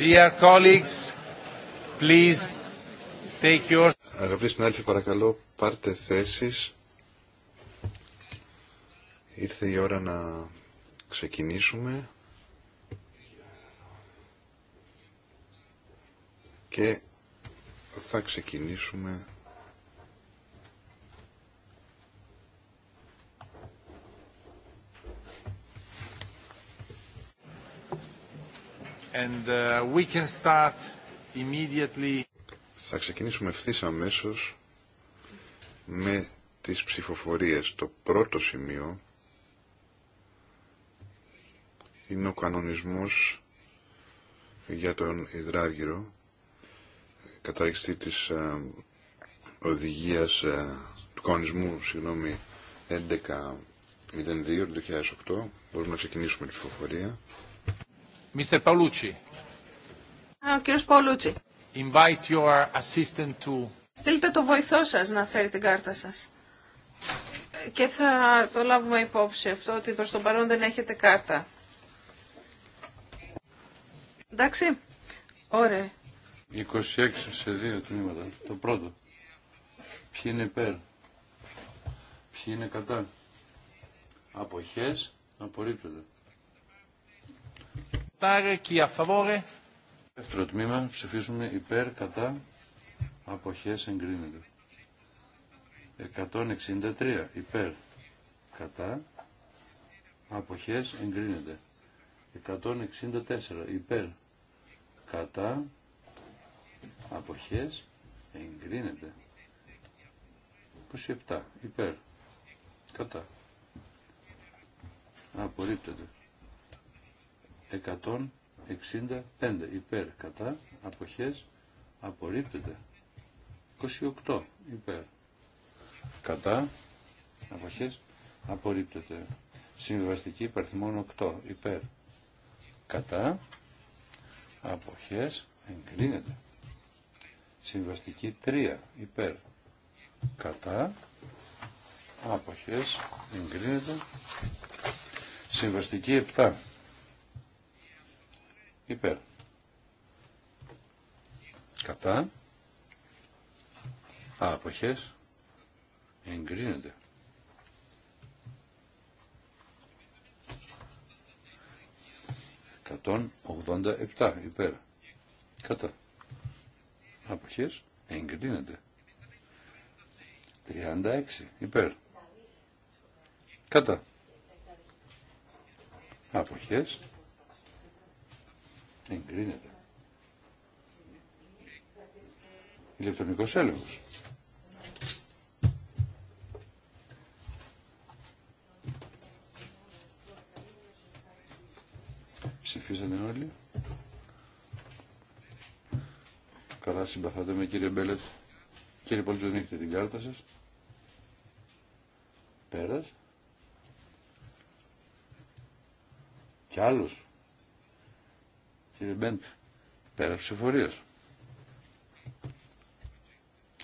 Dear colleagues, please Αγαπητοί συνάδελφοι, παρακαλώ πάρτε θέσεις. Ήρθε η ώρα να ξεκινήσουμε. Και θα ξεκινήσουμε Uh, Θα ξεκινήσουμε ευθύ αμέσω με τις ψηφοφορίες. Το πρώτο σημείο είναι ο κανονισμός για τον υδράργυρο καταρρίξη της ε, οδηγίας ε, του κανονισμού συγγνώμη του 2008 μπορούμε να ξεκινήσουμε τη ψηφοφορία Mr. Ο κύριος Παολούτσι, Invite your assistant to... Στείλτε το βοηθό σας να φέρει την κάρτα σας. Και θα το λάβουμε υπόψη αυτό ότι προς τον παρόν δεν έχετε κάρτα. Εντάξει. Ωραία. 26 σε δύο τμήματα. Το πρώτο. Ποιοι είναι υπέρ. Ποιοι είναι κατά. Αποχές απορρίπτονται. Δεύτερο τμήμα ψηφίζουμε υπέρ κατά αποχές εγκρίνεται. 163 υπέρ κατά αποχές εγκρίνεται. 164 υπέρ κατά αποχές εγκρίνεται. 27 υπέρ κατά απορρίπτεται. 165 υπέρ κατά αποχές απορρίπτεται 28 υπέρ κατά αποχές απορρίπτεται συμβιβαστική υπαριθμών 8 υπέρ κατά αποχές εγκρίνεται συμβαστική 3 υπέρ κατά αποχές εγκρίνεται συμβαστική 7 υπέρ. Κατά. Αποχές. Εγκρίνεται. 187. 87 υπέρ. Κατά. Αποχές. Εγκρίνεται. 36 υπέρ. Κατά. Αποχές Εγκρίνεται. Ηλεκτρονικός έλεγχος. Ψηφίσανε όλοι. Καλά συμπαθάτε με κύριε Μπέλετ. Κύριε Πολίτη, έχετε την κάρτα σας. Πέρας. Κι άλλους κύριε Μπέντ, πέρα ψηφορίας.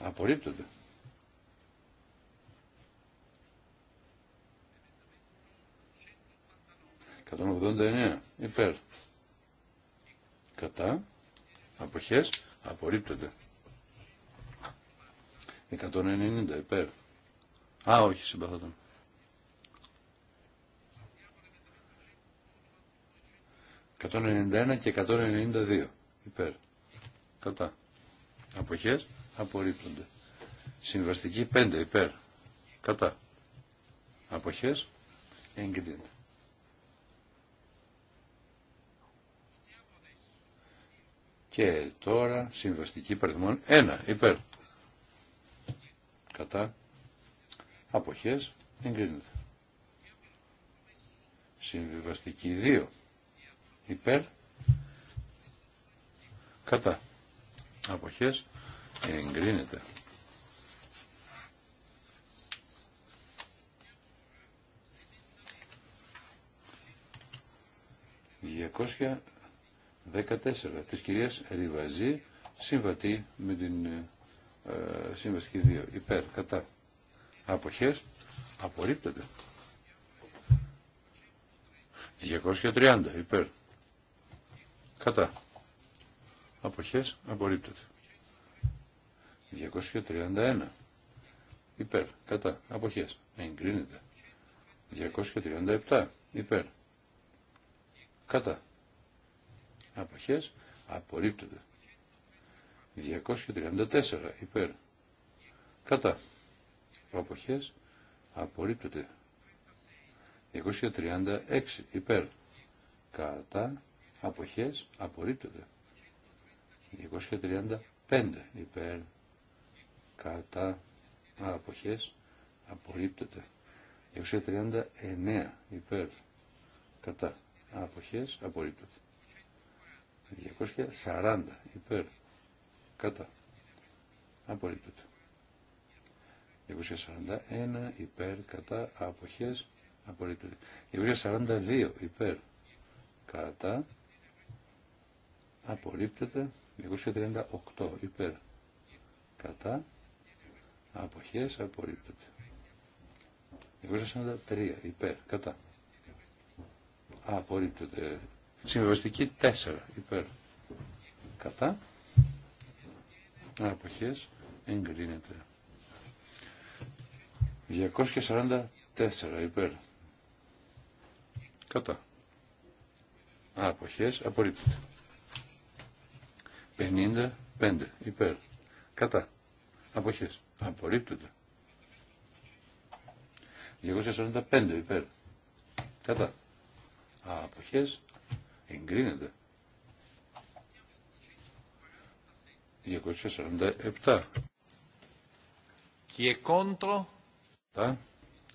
Απορρίπτονται. 189 υπέρ. Κατά, αποχές, απορρίπτονται. 190 υπέρ. Α, όχι, συμπαθόταν. 191 και 192 υπέρ. Κατά. Αποχές απορρίπτονται. Συμβαστική 5 υπέρ. Κατά. Αποχές εγκρίνεται. Και τώρα συμβαστική παριθμών 1 υπέρ. Κατά. Αποχές εγκρίνεται. Συμβιβαστική 2 υπέρ κατά αποχές εγκρίνεται. ...214 της κυρίας Ριβαζή συμβατή με την ε, σύμβαση 2 υπέρ κατά αποχές απορρίπτεται 230 υπέρ Κατά. Αποχές απορρίπτεται. 231. Υπέρ. Κατά. Αποχές. Εγκρίνεται. 237. Υπέρ. Κατά. Αποχές απορρίπτεται. 234. Υπέρ. Κατά. Αποχές απορρίπτεται. 236. Υπέρ. Κατά αποχές απορρίπτονται. 235 υπέρ κατά αποχές απορρίπτονται. 239 υπέρ κατά αποχές απορρίπτονται. 240 υπέρ κατά απορρίπτονται. 241 υπέρ κατά αποχές απορρίπτονται. 242 υπέρ κατά απορρίπτεται 238 υπέρ κατά αποχές απορρίπτεται 243 υπέρ κατά απορρίπτεται συμβιβαστική 4 υπέρ κατά αποχές εγκρίνεται 244 υπέρ κατά αποχές απορρίπτεται 55 υπέρ. Κατά. Αποχές. Απορρίπτονται. 245 υπέρ. Κατά. Αποχές. Εγκρίνεται. 247. Και κόντρο. Τα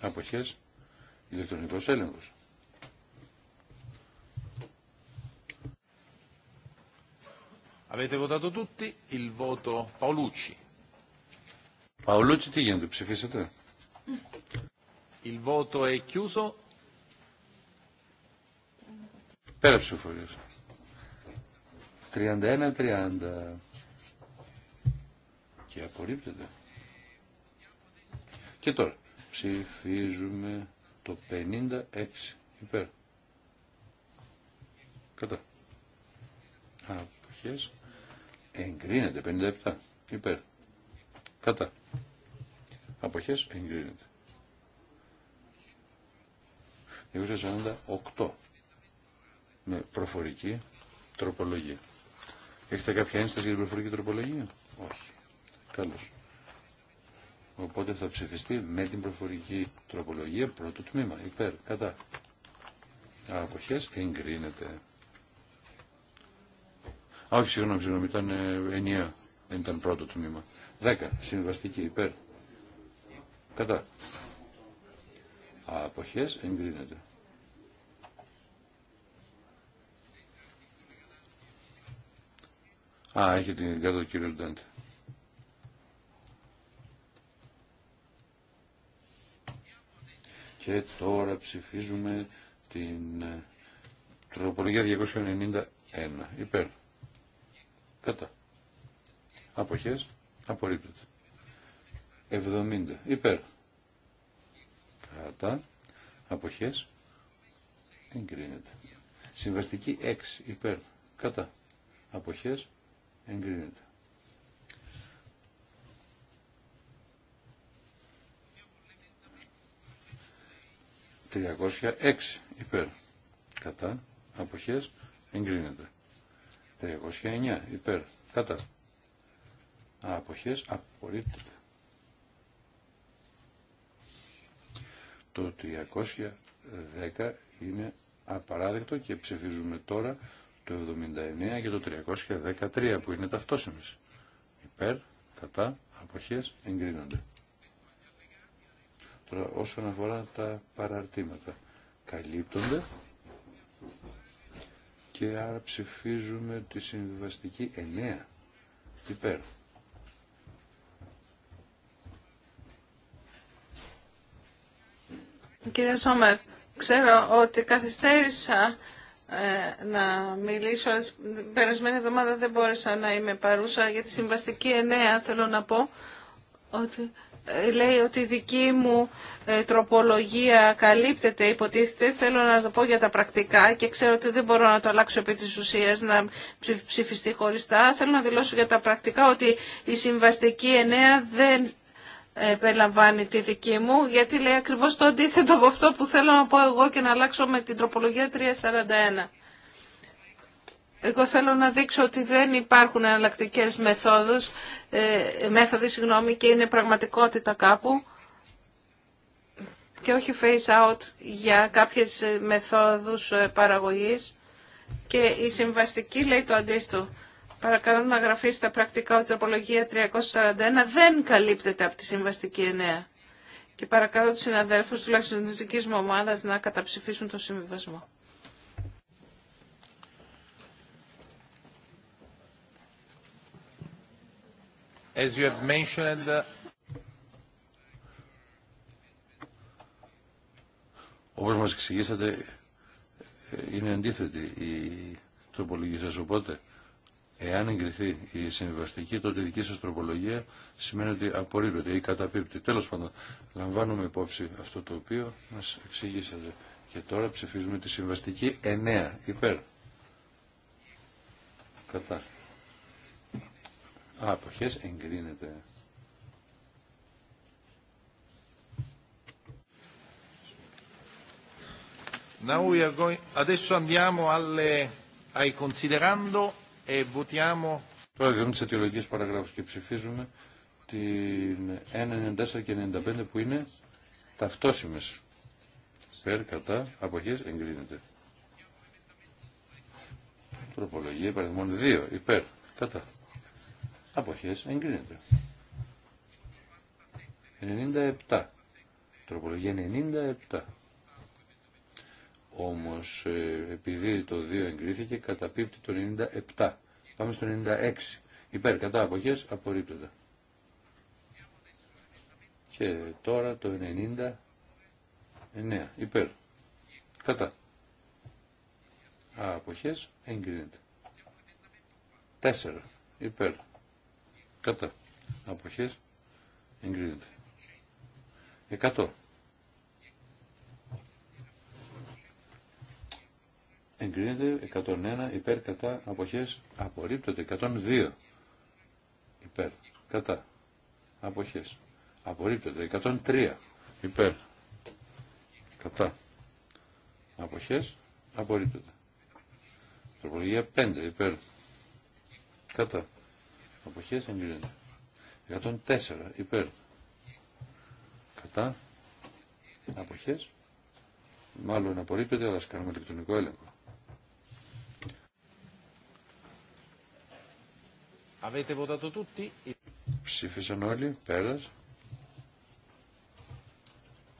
αποχές ηλεκτρονικός έλεγχος. Avete votato tutti il voto Paolucci. Paolucci ti γίνεται, ψηφίσετε. Il voto è chiuso. Per ψηφοφοριας ψηφοφορίας. 31-30. Και απορρίπτεται. Και τώρα ψηφίζουμε το 56 υπέρ. Κατά. Αποχές εγκρίνεται 57 υπέρ κατά αποχές εγκρίνεται 248 με προφορική τροπολογία έχετε κάποια ένσταση για την προφορική τροπολογία όχι καλώς οπότε θα ψηφιστεί με την προφορική τροπολογία πρώτο τμήμα υπέρ κατά αποχές εγκρίνεται Α, όχι, συγγνώμη, συγγνώμη, ήταν ε, ενιαίο. Δεν ήταν πρώτο τμήμα. Δέκα. Συμβαστική υπέρ. Κατά. Αποχές εγκρίνεται. Α, έχει την κάτω ο κύριος Ντάντε. Και τώρα ψηφίζουμε την ε, τροπολογία 291. Υπέρ. Κατά. Αποχές. Απορρίπτεται. 70. Υπέρ. Κατά. Αποχές. Εγκρίνεται. Συμβαστική 6. Υπέρ. Κατά. Αποχές. Εγκρίνεται. 306. υπέρ. Κατά. Αποχές. Εγκρίνεται. 309 υπέρ κατά αποχές απορρίπτεται. Το 310 είναι απαράδεκτο και ψηφίζουμε τώρα το 79 και το 313 που είναι ταυτόσιμες. Υπέρ, κατά, αποχές εγκρίνονται. Τώρα όσον αφορά τα παραρτήματα καλύπτονται και άρα ψηφίζουμε τη συμβιβαστική Τι υπέρ. Κύριε Σόμερ, ξέρω ότι καθυστέρησα ε, να μιλήσω, αλλά την περασμένη εβδομάδα δεν μπόρεσα να είμαι παρούσα για τη συμβαστική εννέα Θέλω να πω ότι λέει ότι η δική μου ε, τροπολογία καλύπτεται, υποτίθεται. Θέλω να το πω για τα πρακτικά και ξέρω ότι δεν μπορώ να το αλλάξω επί της ουσίας να ψηφιστεί χωριστά. Θέλω να δηλώσω για τα πρακτικά ότι η συμβαστική εννέα δεν ε, περιλαμβάνει τη δική μου, γιατί λέει ακριβώς το αντίθετο από αυτό που θέλω να πω εγώ και να αλλάξω με την τροπολογία 341. Εγώ θέλω να δείξω ότι δεν υπάρχουν εναλλακτικέ μεθόδους, ε, μέθοδοι συγγνώμη, και είναι πραγματικότητα κάπου και όχι face out για κάποιες ε, μεθόδους ε, παραγωγής και η συμβαστική λέει το αντίθετο. Παρακαλώ να γραφεί στα πρακτικά ότι η τροπολογία 341 δεν καλύπτεται από τη συμβαστική 9. Και παρακαλώ τους συναδέλφους τουλάχιστον της δικής μου ομάδας να καταψηφίσουν το συμβιβασμό. as you have uh, Όπως μας εξηγήσατε, ε, είναι αντίθετη η τροπολογία σας, οπότε εάν εγκριθεί η συμβιβαστική, τότε η δική σας τροπολογία σημαίνει ότι απορρίπτεται ή καταπίπτει. Τέλος πάντων, λαμβάνουμε υπόψη αυτό το οποίο μας εξηγήσατε. Και τώρα ψηφίζουμε τη συμβαστική 9 υπέρ. Κατά. Αποχές εγκρίνεται. Now we are going... Adesso andiamo alle... ai considerando e votiamo... Τώρα δίνουμε τις αιτιολογικές παραγράφους και ψηφίζουμε την 1.94 και 95 που είναι ταυτόσιμες. Περ, κατά, αποχές, εγκρίνεται. Τροπολογία, παραδείγμα 2, υπέρ, κατά. Αποχές εγκρίνεται. 97. Τροπολογία 97. Όμως ε, επειδή το 2 εγκρίθηκε καταπίπτει το 97. Πάμε στο 96. Υπέρ κατά αποχές απορρίπτεται. Και τώρα το 99. Υπέρ. Κατά. Αποχές εγκρίνεται. 4. Υπέρ κατά αποχές εγκρίνεται 100 εγκρίνεται 101 υπέρ κατά αποχές απορρίπτεται 102 υπέρ κατά αποχές απορρίπτεται 103 υπέρ κατά αποχές απορρίπτεται τροπολογία 5 υπέρ κατά Αποχές εγκρίνεται. 104 υπέρ. Κατά. Αποχές. Μάλλον απορρίπτεται, αλλά κάνουμε ηλεκτρονικό έλεγχο. Avete Ψήφισαν όλοι, πέρας.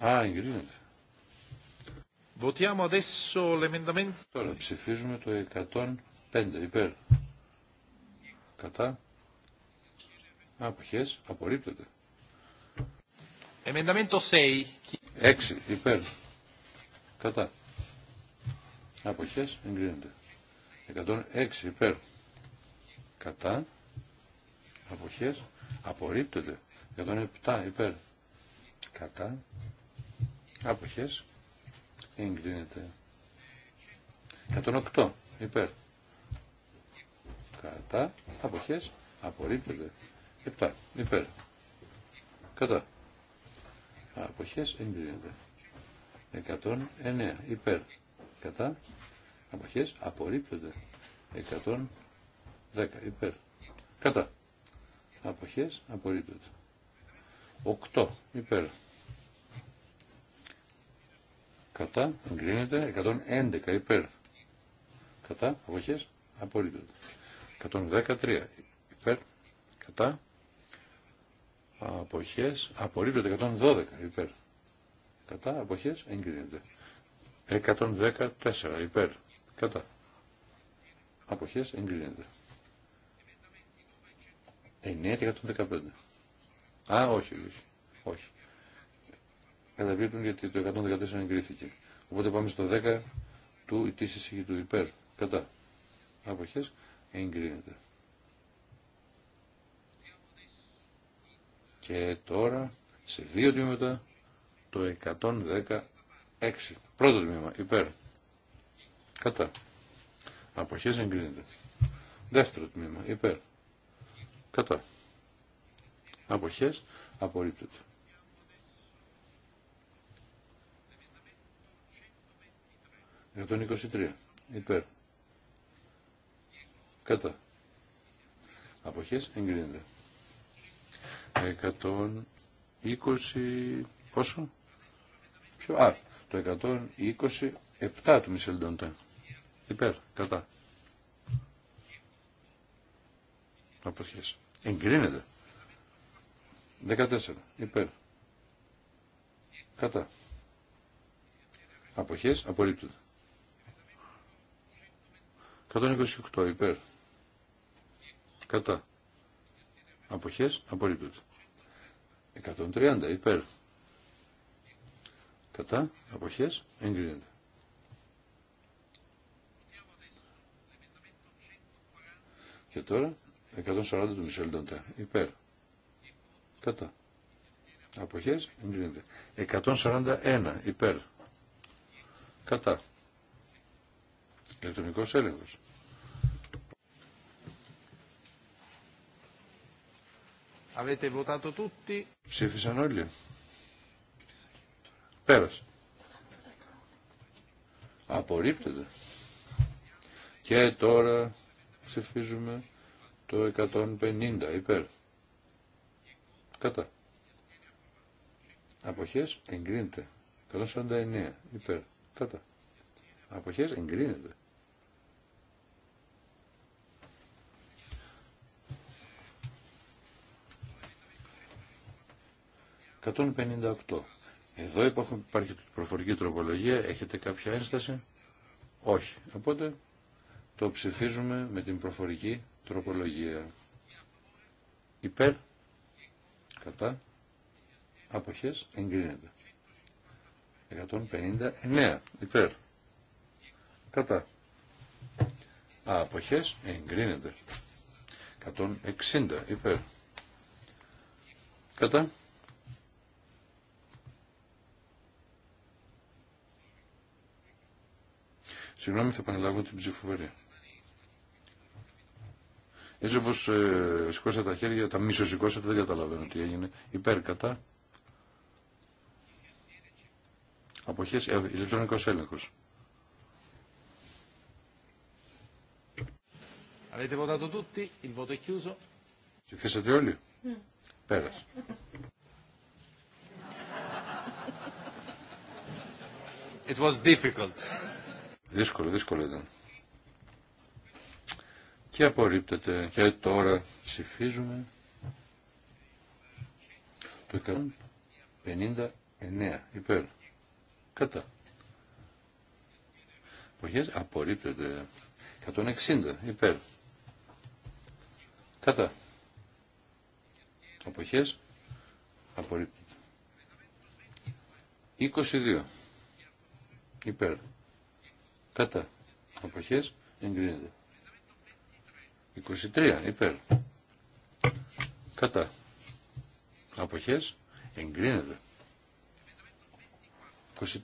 Α, εγκρίνεται. Votiamo adesso l'emendamento. Τώρα ψηφίζουμε το 105 υπέρ. Κατά. Αποχές. Απορρίπτεται. Εμενταμέντο 6. 6. Υπέρ. Κατά. Αποχές. Εγκρίνεται. 106. Υπέρ. Κατά. Αποχές. Απορρίπτεται. 107. Υπέρ. Κατά. Αποχές. Εγκρίνεται. 108. Υπέρ. Κατά. Αποχές. Απορρίπτεται. Επτά. υπέρ κατά αποχές εγκρίνεται 109 υπέρ κατά αποχές Εκατόν 110 υπέρ κατά αποχές απορρίπτονται. 8 υπέρ κατά εγκρίνεται 111 υπέρ κατά αποχές δέκα 113 υπέρ κατά αποχές απορρίπτεται 112 υπέρ. Κατά αποχές εγκρίνεται. 114 υπέρ. Κατά. Αποχές εγκρίνεται. 9 115. Α, όχι, όχι. όχι. Καταπίπτουν γιατί το 114 εγκρίθηκε. Οπότε πάμε στο 10 του της του υπέρ. Κατά. Αποχές εγκρίνεται. Και τώρα σε δύο τμήματα το 116. Πρώτο τμήμα υπέρ. Κατά. Αποχές εγκρίνεται. Δεύτερο τμήμα υπέρ. Κατά. Αποχές απορρίπτεται. 123. Υπέρ. Κατά. Αποχές εγκρίνεται. 120 πόσο Ποιο? Α, το 127 του Μισελντοντέ Υπέρ, κατά. Αποχές. Εγκρίνεται. 14. Υπέρ. Κατά. Αποχές. Απορρίπτεται. 128. Υπέρ. Κατά. Αποχές. Απορρίπτεται. 130 υπέρ. Κατά αποχές εγκρίνεται. Και τώρα 140 του Μισελ υπέρ. Κατά. Αποχές εγκρίνεται. 141 υπέρ. Κατά. Ηλεκτρονικός έλεγχος. Avete votato tutti? Ψήφισαν όλοι. Πέρασε. Απορρίπτεται. Και τώρα ψηφίζουμε το 150 υπέρ. Κατά. Αποχές εγκρίνεται. 149 υπέρ. Κατά. Αποχές εγκρίνεται. 158. Εδώ υπάρχει προφορική τροπολογία. Έχετε κάποια ένσταση. Όχι. Οπότε το ψηφίζουμε με την προφορική τροπολογία. Υπέρ. Κατά. Αποχές. Εγκρίνεται. 159. Υπέρ. Κατά. Αποχές. Εγκρίνεται. 160. Υπέρ. Κατά. Συγγνώμη, θα επαναλάβω την ψηφοφορία. Έτσι όπω ε, σηκώσατε τα χέρια, τα μισοσηκώσατε, δεν καταλαβαίνω τι έγινε. Υπέρ, κατά. Αποχέ, ε, ηλεκτρονικό έλεγχο. Avete votato tutti, il voto è chiuso. Ψηφίσατε όλοι. Mm. Πέρασε. It was difficult. Δύσκολο, δύσκολο ήταν. Και απορρίπτεται. Και τώρα ψηφίζουμε το 159 υπέρ. Κατά. Ποχές απορρίπτεται. 160 υπέρ. Κατά. Αποχές απορρίπτεται. 22 υπέρ. Κατά. Αποχές εγκρίνεται. 23 υπέρ. Κατά. Αποχές εγκρίνεται.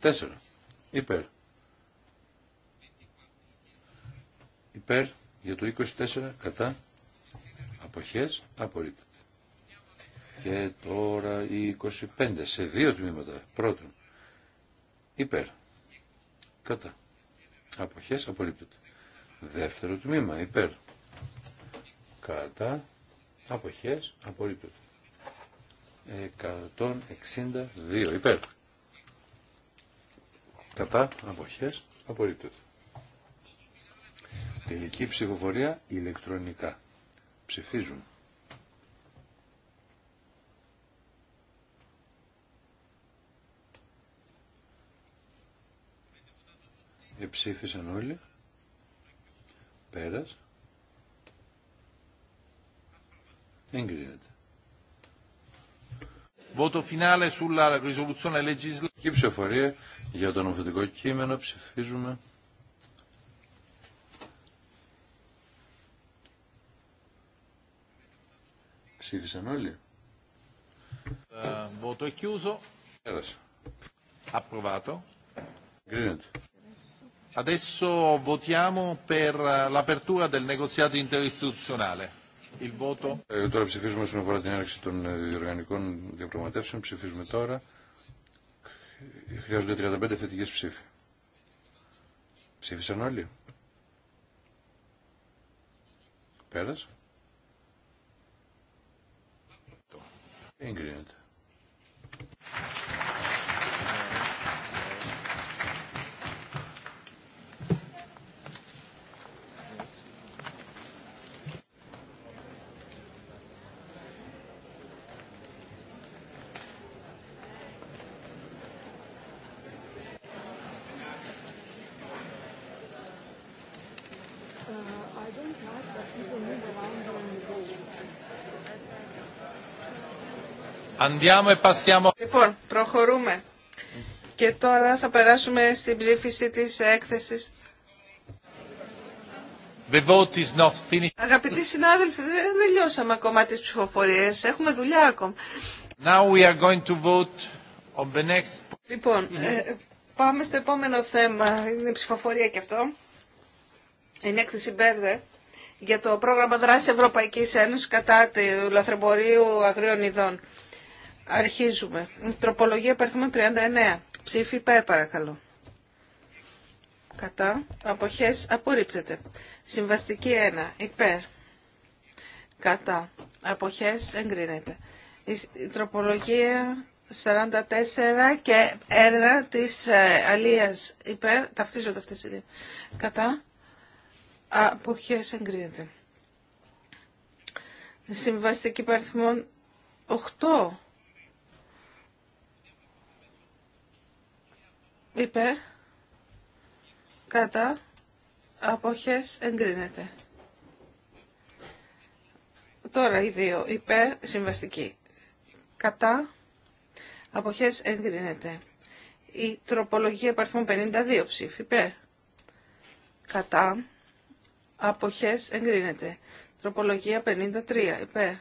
24 υπέρ. Υπέρ για το 24 κατά αποχές απορρίπτεται. Και τώρα η 25 σε δύο τμήματα. Πρώτον υπέρ. Κατά Αποχές απορρίπτεται. Δεύτερο τμήμα υπέρ. Κατά. Αποχές απορρίπτεται. 162 υπέρ. Κατά. Αποχές απορρίπτεται. Τελική ψηφοφορία ηλεκτρονικά. Ψηφίζουν. Εψήφισαν όλοι. Πέρας. Εγκρίνεται. Voto finale sulla risoluzione legislativa. Η ψηφοφορία για το νομοθετικό κείμενο ψηφίζουμε. Ψήφισαν όλοι. Ε, voto chiuso. Πέρασε. Approvato. Γκρίνεται. Adesso votiamo per eh, l'apertura del negoziato interistituzionale. Il voto. Ε, τώρα ψηφίζουμε όσον αφορά την έναρξη των ε, διοργανικών διαπραγματεύσεων. Ψηφίζουμε τώρα. Χρειάζονται 35 θετικέ ψήφοι. Ψήφισαν όλοι. Πέρασε. Εγκρίνεται. E λοιπόν, προχωρούμε. Και τώρα θα περάσουμε στην ψήφιση τη έκθεση. The vote is Αγαπητοί συνάδελφοι, δεν τελειώσαμε ακόμα τι ψηφοφορίε. Έχουμε δουλειά ακόμα. Λοιπόν, πάμε στο επόμενο θέμα. Είναι ψηφοφορία και αυτό. Είναι έκθεση Μπέρδε για το πρόγραμμα δράση Ευρωπαϊκή Ένωση κατά του λαθρεμπορίου αγρίων ειδών. Αρχίζουμε. Τροπολογία υπαριθμών 39. Ψήφι υπέρ παρακαλώ. Κατά. Αποχές απορρίπτεται. Συμβαστική 1. Υπέρ. Κατά. Αποχές εγκρίνεται. Η τροπολογία 44 και 1 της ε, αλίας υπέρ. Ταυτίζονται αυτές οι δύο. Κατά. Αποχές εγκρίνεται. Συμβαστική παριθμών 8 υπέρ, κατά, αποχές εγκρίνεται. Τώρα οι δύο, υπέρ, συμβαστική, κατά, αποχές εγκρίνεται. Η τροπολογία παρθμών 52 ψήφι, υπέρ, κατά, αποχές εγκρίνεται. Τροπολογία 53, υπέρ,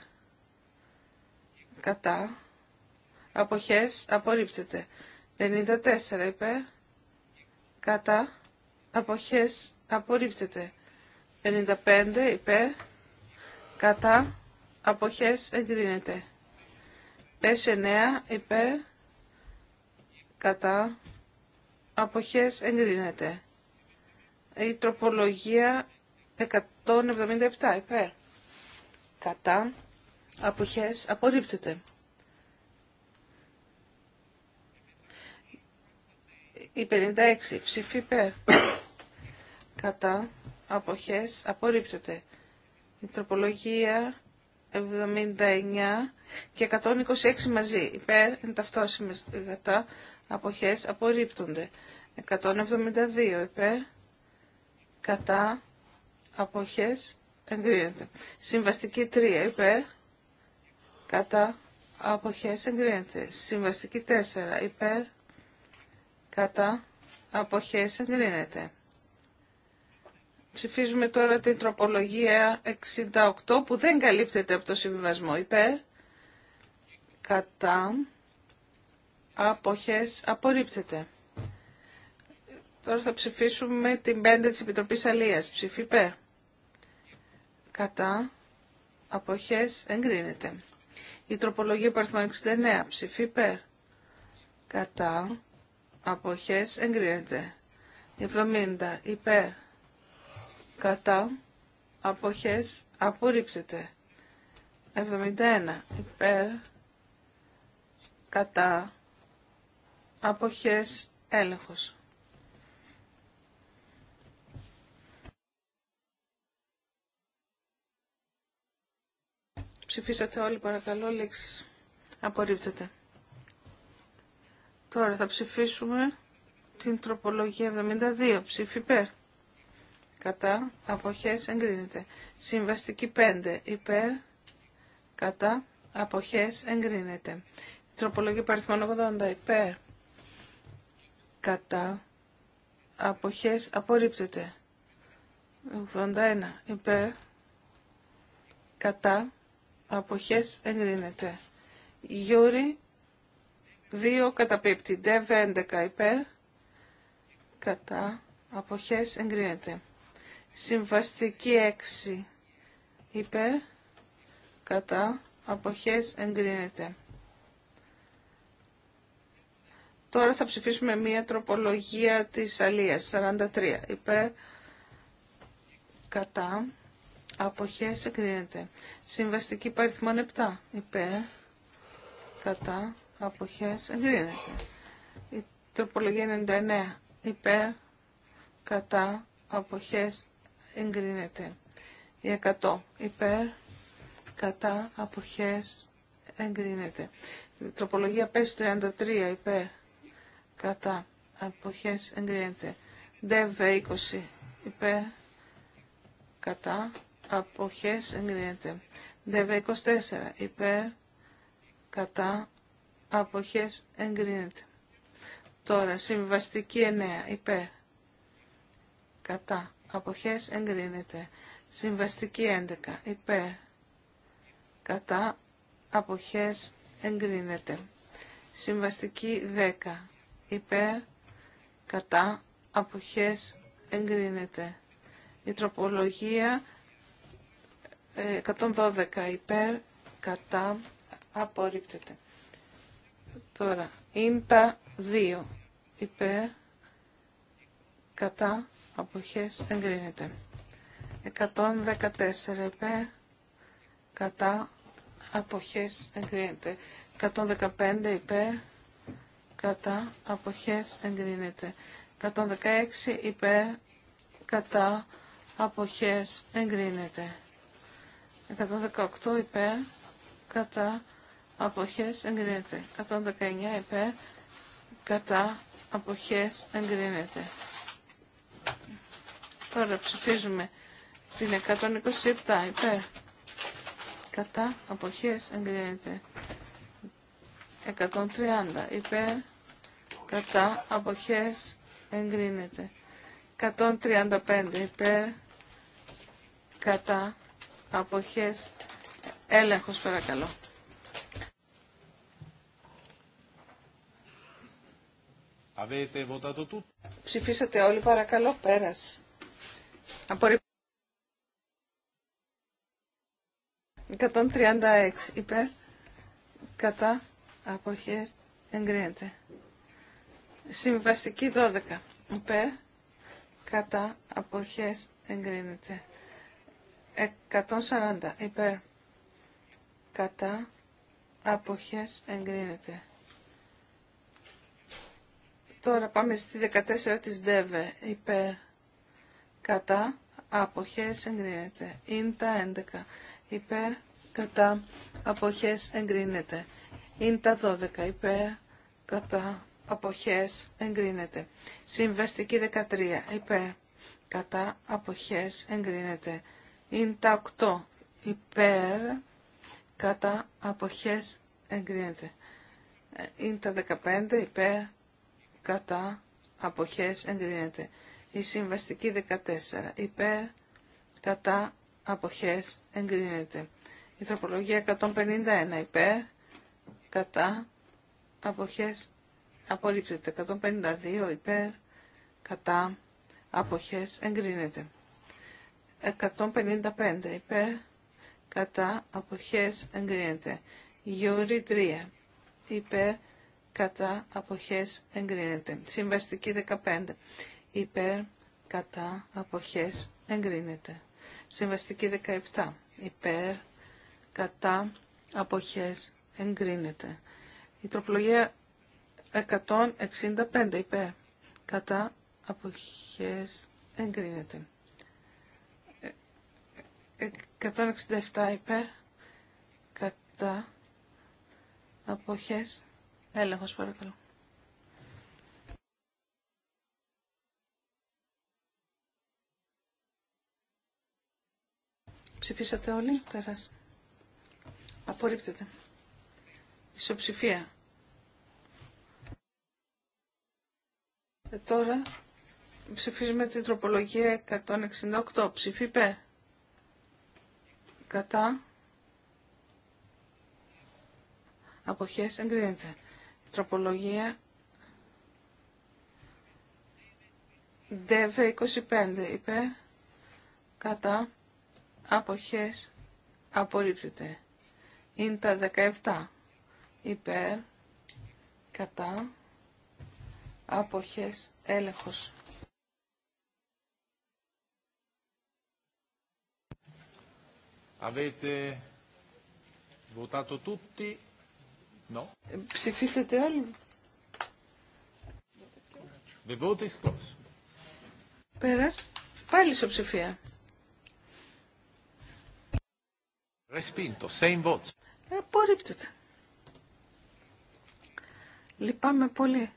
κατά, αποχές απορρίπτεται. 54 είπε. Κατά. Αποχές απορρίπτεται. 55 είπε. κατα Κατά. Αποχές εγκρίνεται. είπε. Κατά. Αποχές εγκρίνεται. Η τροπολογία 177 υπέρ. Κατά. Αποχές απορρίπτεται. Η 56 ψηφί Κατά αποχές Απορρίψεται. Η τροπολογία 79 και 126 μαζί. Υπέρ είναι ταυτόσιμες κατά αποχές απορρίπτονται. 172 υπέρ κατά αποχές εγκρίνεται. Συμβαστική 3 υπέρ κατά αποχές εγκρίνεται. Συμβαστική 4 υπέρ κατά αποχές εγκρίνεται. Ψηφίζουμε τώρα την τροπολογία 68 που δεν καλύπτεται από το συμβιβασμό υπέρ, κατά αποχές απορρίπτεται. Τώρα θα ψηφίσουμε την 5 της Επιτροπής Αλίας. Ψήφι υπέρ. Κατά. Αποχές εγκρίνεται. Η τροπολογία παρθμών 69. Ψήφι υπέρ. Κατά αποχές εγκρίνεται. 70 υπέρ κατά αποχές απορρίπτεται. 71 υπέρ κατά αποχές έλεγχος. Ψηφίσατε όλοι παρακαλώ λέξεις. Απορρίπτεται. Τώρα θα ψηφίσουμε την τροπολογία 72. Ψήφι υπέρ. Κατά. Αποχές εγκρίνεται. Συμβαστική 5. Υπέρ. Κατά. Αποχές εγκρίνεται. Τροπολογία παριθμών 80. Υπέρ. Κατά. Αποχές απορρίπτεται. 81. Υπέρ. Κατά. Αποχές εγκρίνεται. Γιούρι 2 καταπίπτει. ΔΕΒΕ 11 υπέρ. Κατά. Αποχές εγκρίνεται. Συμβαστική 6 υπέρ. Κατά. Αποχές εγκρίνεται. Τώρα θα ψηφίσουμε μία τροπολογία της αλίας. 43 υπέρ. Κατά. Αποχές εγκρίνεται. Συμβαστική παριθμόν 7 υπέρ. Κατά αποχές εγκρίνεται. Η τροπολογία 99 υπέρ κατά αποχές εγκρίνεται. Η 100 υπέρ κατά αποχές εγκρίνεται. Η τροπολογία πες 33 υπέρ κατά αποχές εγκρίνεται. ΔΕΒΕ 20 υπέρ κατά αποχές εγκρίνεται. ΔΕΒΕ 24 υπέρ κατά αποχές εγκρίνεται. Τώρα, συμβαστική 9, υπέρ, κατά, αποχές εγκρίνεται. Συμβαστική 11, υπέρ, κατά, αποχές εγκρίνεται. Συμβαστική 10, υπέρ, κατά, αποχές εγκρίνεται. Η τροπολογία 112 ε, υπέρ, κατά, απορρίπτεται. Τώρα, είναι τα 2 υπέρ, κατά, αποχές, εγκρίνεται. 114 υπέρ, κατά, αποχές, εγκρίνεται. 115 υπέρ, κατά, αποχές, εγκρίνεται. 116 υπέρ, κατά, αποχές, εγκρίνεται. 118 υπέρ, κατά, αποχές εγκρίνεται. 119 υπέρ κατά αποχές εγκρίνεται. Τώρα ψηφίζουμε την 127 υπέρ κατά αποχές εγκρίνεται. 130 υπέρ κατά αποχές εγκρίνεται. 135 υπέρ κατά αποχές έλεγχος παρακαλώ. Ψηφίσατε όλοι παρακαλώ πέρας. 136 υπέρ κατά αποχές εγκρίνεται. Συμβαστική 12 υπέρ κατά αποχές εγκρίνεται. 140 υπέρ κατά αποχές εγκρίνεται. Τώρα πάμε στη 14 της ΔΕΒΕ. Υπέρ κατά αποχές εγκρίνεται. Είναι τα 11. Υπέρ κατά αποχές εγκρίνεται. Είναι τα 12. Υπέρ κατά αποχές εγκρίνεται. Συμβαστική 13. Υπέρ κατά αποχές εγκρίνεται. Είναι τα 8. Υπέρ κατά αποχές εγκρίνεται. Είναι τα 15. Υπέρ κατά αποχές εγκρίνεται. Η συμβαστική 14 υπέρ κατά αποχές εγκρίνεται. Η τροπολογία 151 υπέρ κατά αποχές απορρίπτεται. 152 υπέρ κατά αποχές εγκρίνεται. 155 υπέρ κατά αποχές εγκρίνεται. Γιούρι 3 υπέρ κατά αποχές εγκρίνεται. Συμβαστική 15 υπέρ κατά αποχές εγκρίνεται. Συμβαστική 17 υπέρ κατά αποχές εγκρίνεται. Η τροπολογία 165 υπέρ κατά αποχές εγκρίνεται. 167 υπέρ κατά αποχές Έλεγχος παρακαλώ. Ψηφίσατε όλοι, πέρας. Απορρίπτεται. Ισοψηφία. Ε, τώρα ψηφίζουμε την τροπολογία 168. Ψηφί πέ. Κατά. Αποχές εγκρίνεται. Τροπολογία ΔΕΒΕ 25 είπε κατά αποχές απορρίπτεται. Είναι τα 17 υπέρ κατά αποχές έλεγχος. Avete votato tutti? Ψηφίσετε άλλοι. The vote is Πέρας. Πάλι ισοψηφία. Respinto. Same votes. απορρίπτεται. Λυπάμαι πολύ.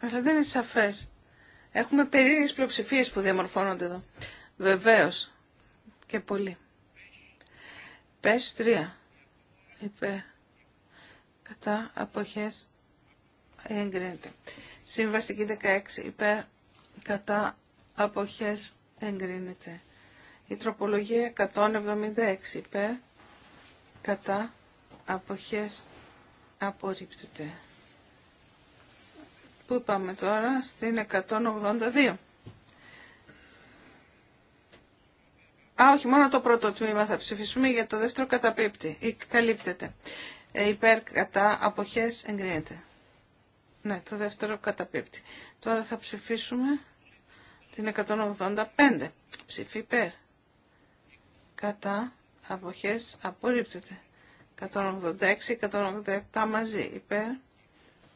Αλλά δεν είναι σαφές. Έχουμε περίεργες πλειοψηφίες που διαμορφώνονται εδώ. Βεβαίως. Και πολύ. Πες τρία. Είπε κατά αποχές εγκρίνεται. Συμβαστική 16 υπέρ κατά αποχές εγκρίνεται. Η τροπολογία 176 υπέρ κατά αποχές απορρίπτεται. Πού πάμε τώρα στην 182. Α, όχι, μόνο το πρώτο τμήμα θα ψηφίσουμε, για το δεύτερο καταπίπτει ή καλύπτεται. Ε, υπέρ κατά αποχές εγκρίνεται. Ναι, το δεύτερο καταπίπτει. Τώρα θα ψηφίσουμε την 185. Ψήφι υπέρ. Κατά αποχές απορρίπτεται. 186, 187 μαζί υπέρ.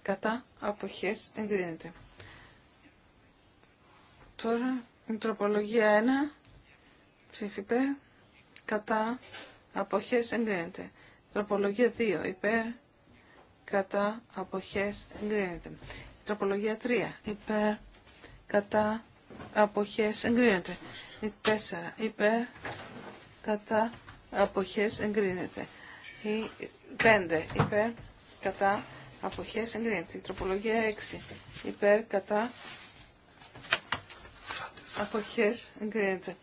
Κατά αποχές εγκρίνεται. Τώρα η τροπολογία 1. Ψήφι υπέρ. Κατά αποχές εγκρίνεται. Τροπολογία 2 υπέρ κατά αποχές εγκρίνεται. Τροπολογία 3 υπέρ κατά αποχές εγκρίνεται. 4 υπέρ κατά αποχές εγκρίνεται. 5 υπέρ κατά αποχές εγκρίνεται. τροπολογία 6 υπέρ κατά αποχές εγκρίνεται.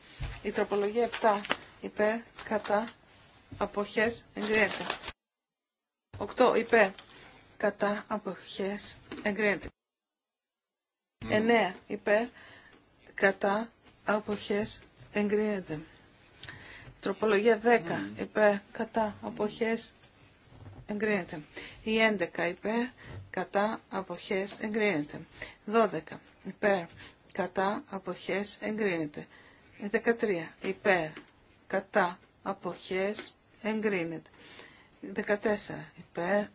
Η τροπολογία 7 υπέρ κατά αποχές εγκρίνεται. 8 Υπέ κατά αποχές εγκρίνεται. 9 υπέρ κατά αποχές εγκρίνεται. Τροπολογία 10 υπέρ κατά αποχές εγκρίνεται. Η 11 υπέρ κατά αποχές εγκρίνεται. 12 υπέρ κατά αποχές εγκρίνεται. 13 υπέρ κατά αποχές εγκρίνεται. 14 υπέρ,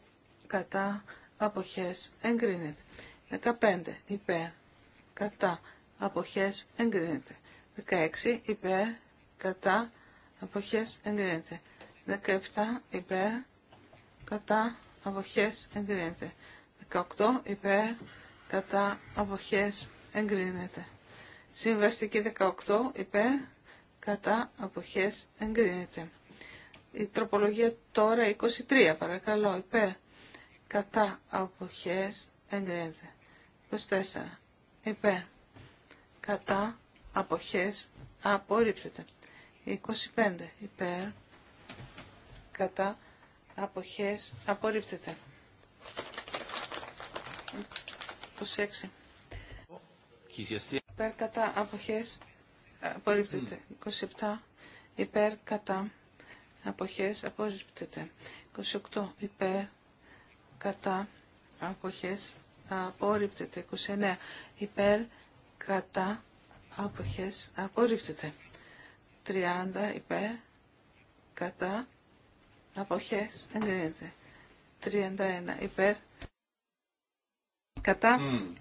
κατά, αποχές, εγκρίνεται. 15 υπέρ, κατά, αποχές, εγκρίνεται. 16 υπέρ, κατά, αποχές, εγκρίνεται. 17 υπέρ, κατά, αποχές, εγκρίνεται. 18 υπέρ, κατά, αποχές, εγκρίνεται. Συμβαστική 18 υπέρ, κατά, αποχές, εγκρίνεται. Η τροπολογία τώρα 23, παρακαλώ, υπέρ. Κατά αποχές εγκρίνεται. 24. Υπέρ. Κατά αποχές απορρίπτεται. 25. Υπέρ. Κατά αποχές απορρίπτεται. 26. Υπέρ κατά αποχές ε, απορρίπτεται. 27. Υπέρ κατά αποχές απορρίπτεται. 28 υπέρ κατά αποχές απορρίπτεται. 29 υπέρ κατά αποχές απορρίπτεται. 30 υπέρ κατά αποχές εγκρίνεται. 31 υπέρ κατά mm.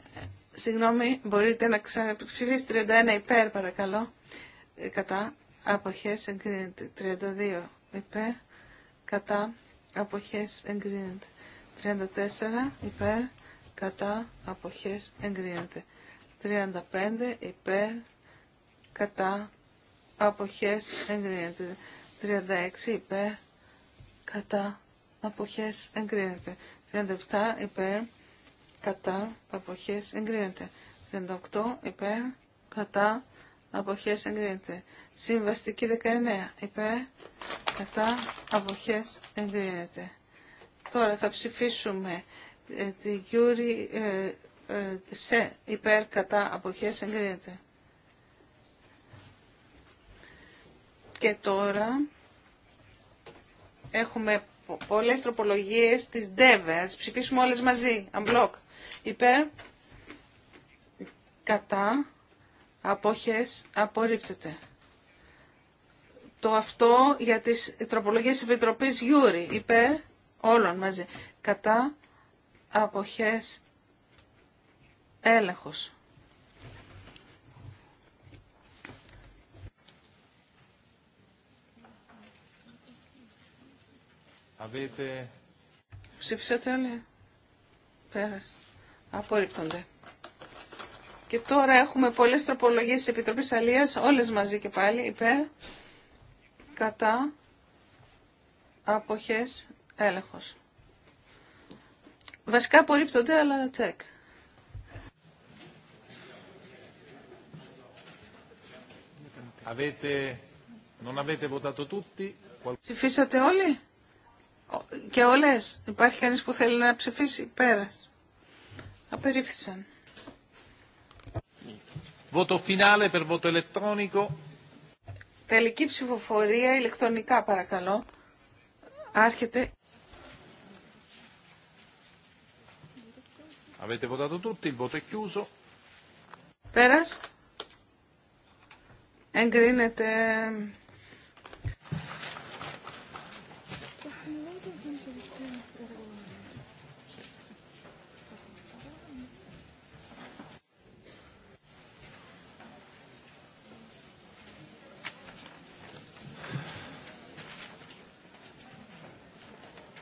Συγγνώμη, μπορείτε να ξαναψηφίσετε 31 υπέρ παρακαλώ. Ε, κατά αποχές εγκρίνεται. 32 υπέρ, κατά, αποχές εγκρίνεται. 34 υπέρ, κατά, αποχές εγκρίνεται. 35 υπέρ, κατά, αποχές εγκρίνεται. 36 υπέρ, κατά, αποχές εγκρίνεται. 37 υπέρ, κατά, αποχές εγκρίνεται. 38 υπέρ, κατά, αποχές εγκρίνεται. Συμβαστική 19 υπέρ, κατά αποχές εγκρίνεται. Τώρα θα ψηφίσουμε ε, τη Γιούρι ε, ε, σε υπέρ κατά αποχές εγκρίνεται. Και τώρα έχουμε πολλές τροπολογίες της ΔΕΒΕ. Ας ψηφίσουμε όλες μαζί. Unblock. Υπέρ. Κατά. Απόχες. Απορρίπτεται το αυτό για τις τροπολογίες Επιτροπής Γιούρη υπέρ όλων μαζί, κατά αποχές έλεγχος. Αβείτε... Ψήφισατε όλοι. Πέρασε. Απορρίπτονται. Και τώρα έχουμε πολλές τροπολογίες της Επιτροπής Αλίας, όλες μαζί και πάλι, υπέρ κατά αποχές έλεγχος. Βασικά απορρίπτονται, αλλά τσεκ. Avete... Non avete votato tutti. Ψηφίσατε όλοι και όλες. Υπάρχει κανείς που θέλει να ψηφίσει. Πέρας. Απερίφθησαν. Voto finale per voto elettronico. Τελική ψηφοφορία ηλεκτρονικά παρακαλώ. Άρχεται. Avete il voto è Πέρας. Εγκρίνεται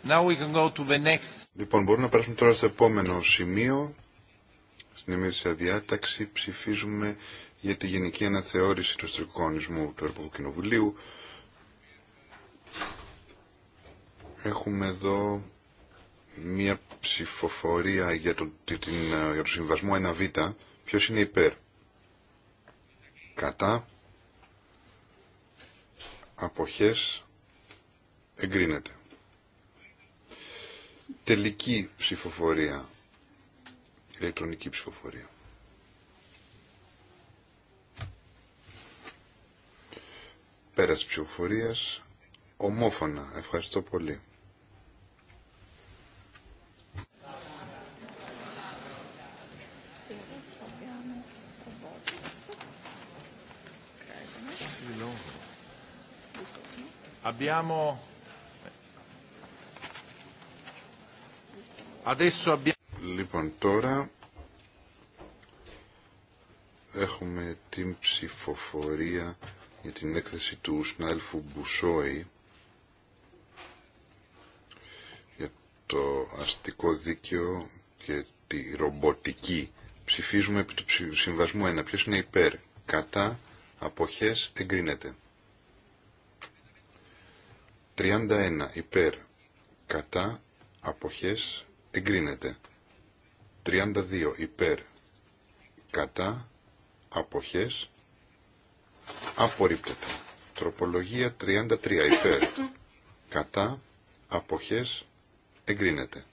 Now we can go to the next. Λοιπόν, μπορούμε να περάσουμε τώρα στο επόμενο σημείο. Στην ημερήσια διάταξη ψηφίζουμε για τη γενική αναθεώρηση του στρικονισμού του Ευρωπαϊκού Κοινοβουλίου. Έχουμε εδώ μία ψηφοφορία για το, την, ε, για το συμβασμό 1β. Ποιος είναι υπέρ. Κατά. Αποχές. Εγκρίνεται τελική ψηφοφορία, ηλεκτρονική ψηφοφορία. Πέρας ψηφοφορίας, ομόφωνα. Ευχαριστώ πολύ. Abbiamo Λοιπόν, τώρα έχουμε την ψηφοφορία για την έκθεση του συνάδελφου Μπουσόη για το αστικό δίκαιο και τη ρομποτική. Ψηφίζουμε επί του συμβασμού 1. Ποιος είναι υπέρ, κατά, αποχές, εγκρίνεται. 31. Υπέρ, κατά, αποχές, εγκρίνεται. 32 υπέρ κατά αποχές απορρίπτεται. Τροπολογία 33 υπέρ κατά αποχές εγκρίνεται.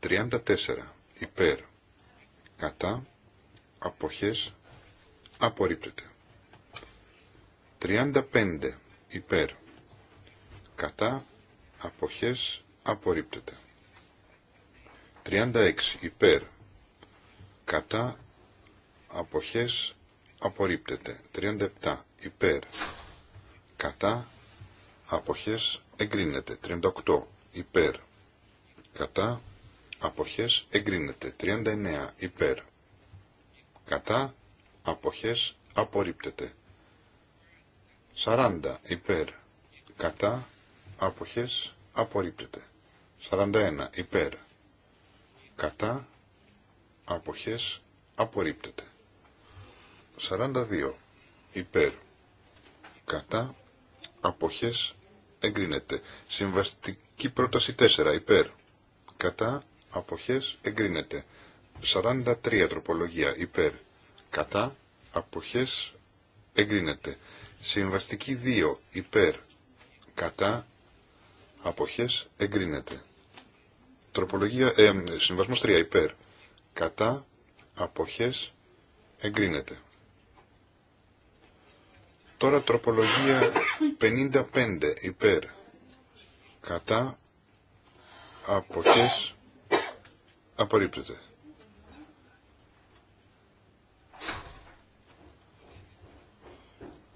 34 υπέρ κατά αποχές απορρίπτεται. 35 υπέρ κατά αποχές απορρίπτεται. 36 υπέρ κατά αποχές απορρίπτεται 37 υπέρ κατά αποχές εγκρίνεται 38 υπέρ κατά αποχές εγκρίνεται 39 υπέρ κατά αποχές απορρίπτεται 40 υπέρ κατά αποχές απορρίπτεται 41 υπέρ κατά, αποχές, απορρίπτεται. 42. Υπέρ, κατά, αποχές, εγκρίνεται. Συμβαστική πρόταση 4. Υπέρ, κατά, αποχές, εγκρίνεται. 43. Τροπολογία. Υπέρ, κατά, αποχές, εγκρίνεται. Συμβαστική 2. Υπέρ, κατά, αποχές, εγκρίνεται. Τροπολογία, ε, συμβασμός 3 υπέρ. Κατά αποχές εγκρίνεται. Τώρα τροπολογία 55 υπέρ. Κατά αποχές απορρίπτεται.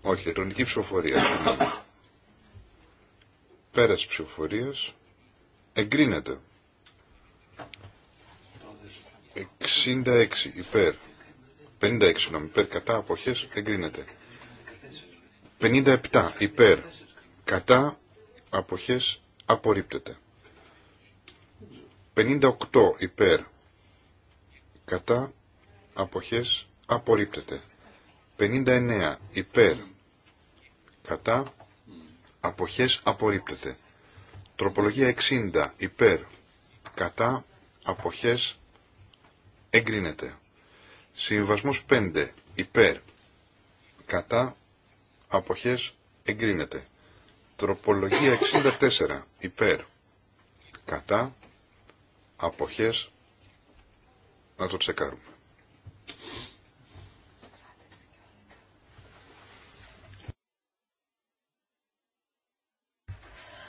Όχι, ηλεκτρονική ψηφοφορία. Πέρας ψηφοφορίας εγκρίνεται. 66 υπέρ. 56 νομίζω υπέρ κατά αποχές εγκρίνεται. 57 υπέρ κατά αποχές απορρίπτεται. 58 υπέρ κατά αποχές απορρίπτεται. 59 υπέρ κατά αποχές απορρίπτεται. Τροπολογία 60 υπέρ κατά αποχές εγκρίνεται. Συμβασμός 5 υπέρ κατά αποχές εγκρίνεται. Τροπολογία 64 υπέρ κατά αποχές να το τσεκάρουμε.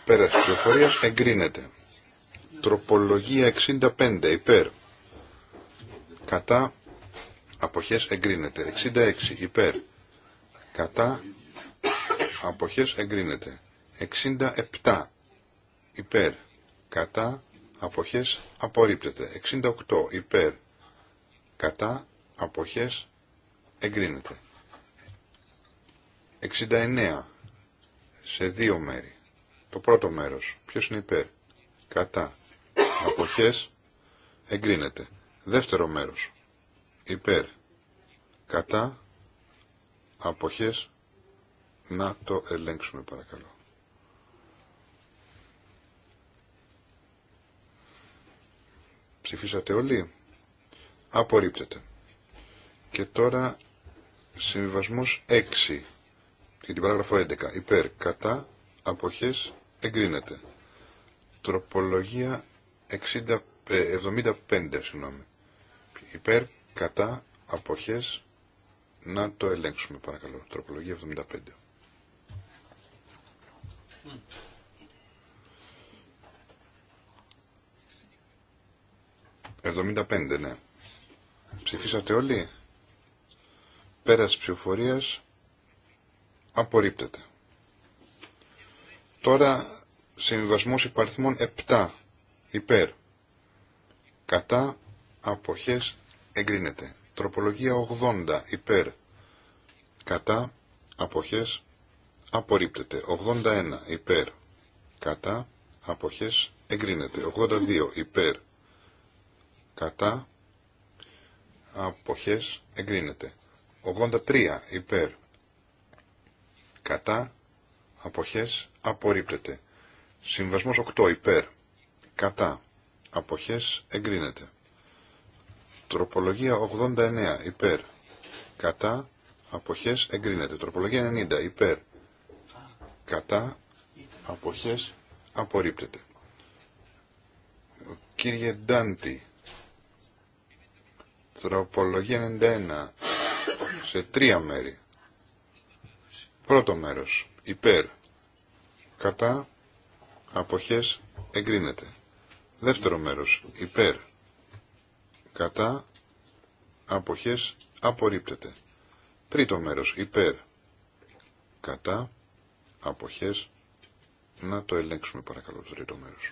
Πέρας της εγκρίνεται. Τροπολογία 65 υπέρ κατά αποχές εγκρίνεται 66 υπέρ κατά αποχές εγκρίνεται 67 υπέρ κατά αποχές απορρίπτεται 68 υπέρ κατά αποχές εγκρίνεται 69 σε δύο μέρη το πρώτο μέρος ποιος είναι υπέρ κατά αποχές εγκρίνεται Δεύτερο μέρος. Υπέρ. Κατά. Αποχές. Να το ελέγξουμε παρακαλώ. Ψηφίσατε όλοι. Απορρίπτεται. Και τώρα συμβιβασμός 6 για την παράγραφο 11. Υπέρ. Κατά. Αποχές. Εγκρίνεται. Τροπολογία 60, 75, ε, συγγνώμη υπέρ, κατά, αποχές, να το ελέγξουμε παρακαλώ. Τροπολογία 75. Mm. ναι. Ψηφίσατε όλοι. Πέρας ψηφοφορίας απορρίπτεται. Τώρα συνδυασμός υπαριθμών 7 υπέρ. Κατά αποχές εγκρίνεται. Τροπολογία 80 υπέρ κατά αποχές απορρίπτεται. 81 υπέρ κατά αποχές εγκρίνεται. 82 υπέρ κατά αποχές εγκρίνεται. 83 υπέρ κατά αποχές απορρίπτεται. Συμβασμός 8 υπέρ κατά αποχές εγκρίνεται. Τροπολογία 89 υπέρ. Κατά αποχές εγκρίνεται. Τροπολογία 90 υπέρ. Κατά αποχές απορρίπτεται. Κύριε Ντάντι. Τροπολογία 91 σε τρία μέρη. Πρώτο μέρος υπέρ. Κατά αποχές εγκρίνεται. Δεύτερο μέρος υπέρ κατά, αποχές, απορρίπτεται. Τρίτο μέρος, υπέρ, κατά, αποχές, να το ελέγξουμε παρακαλώ το τρίτο μέρος.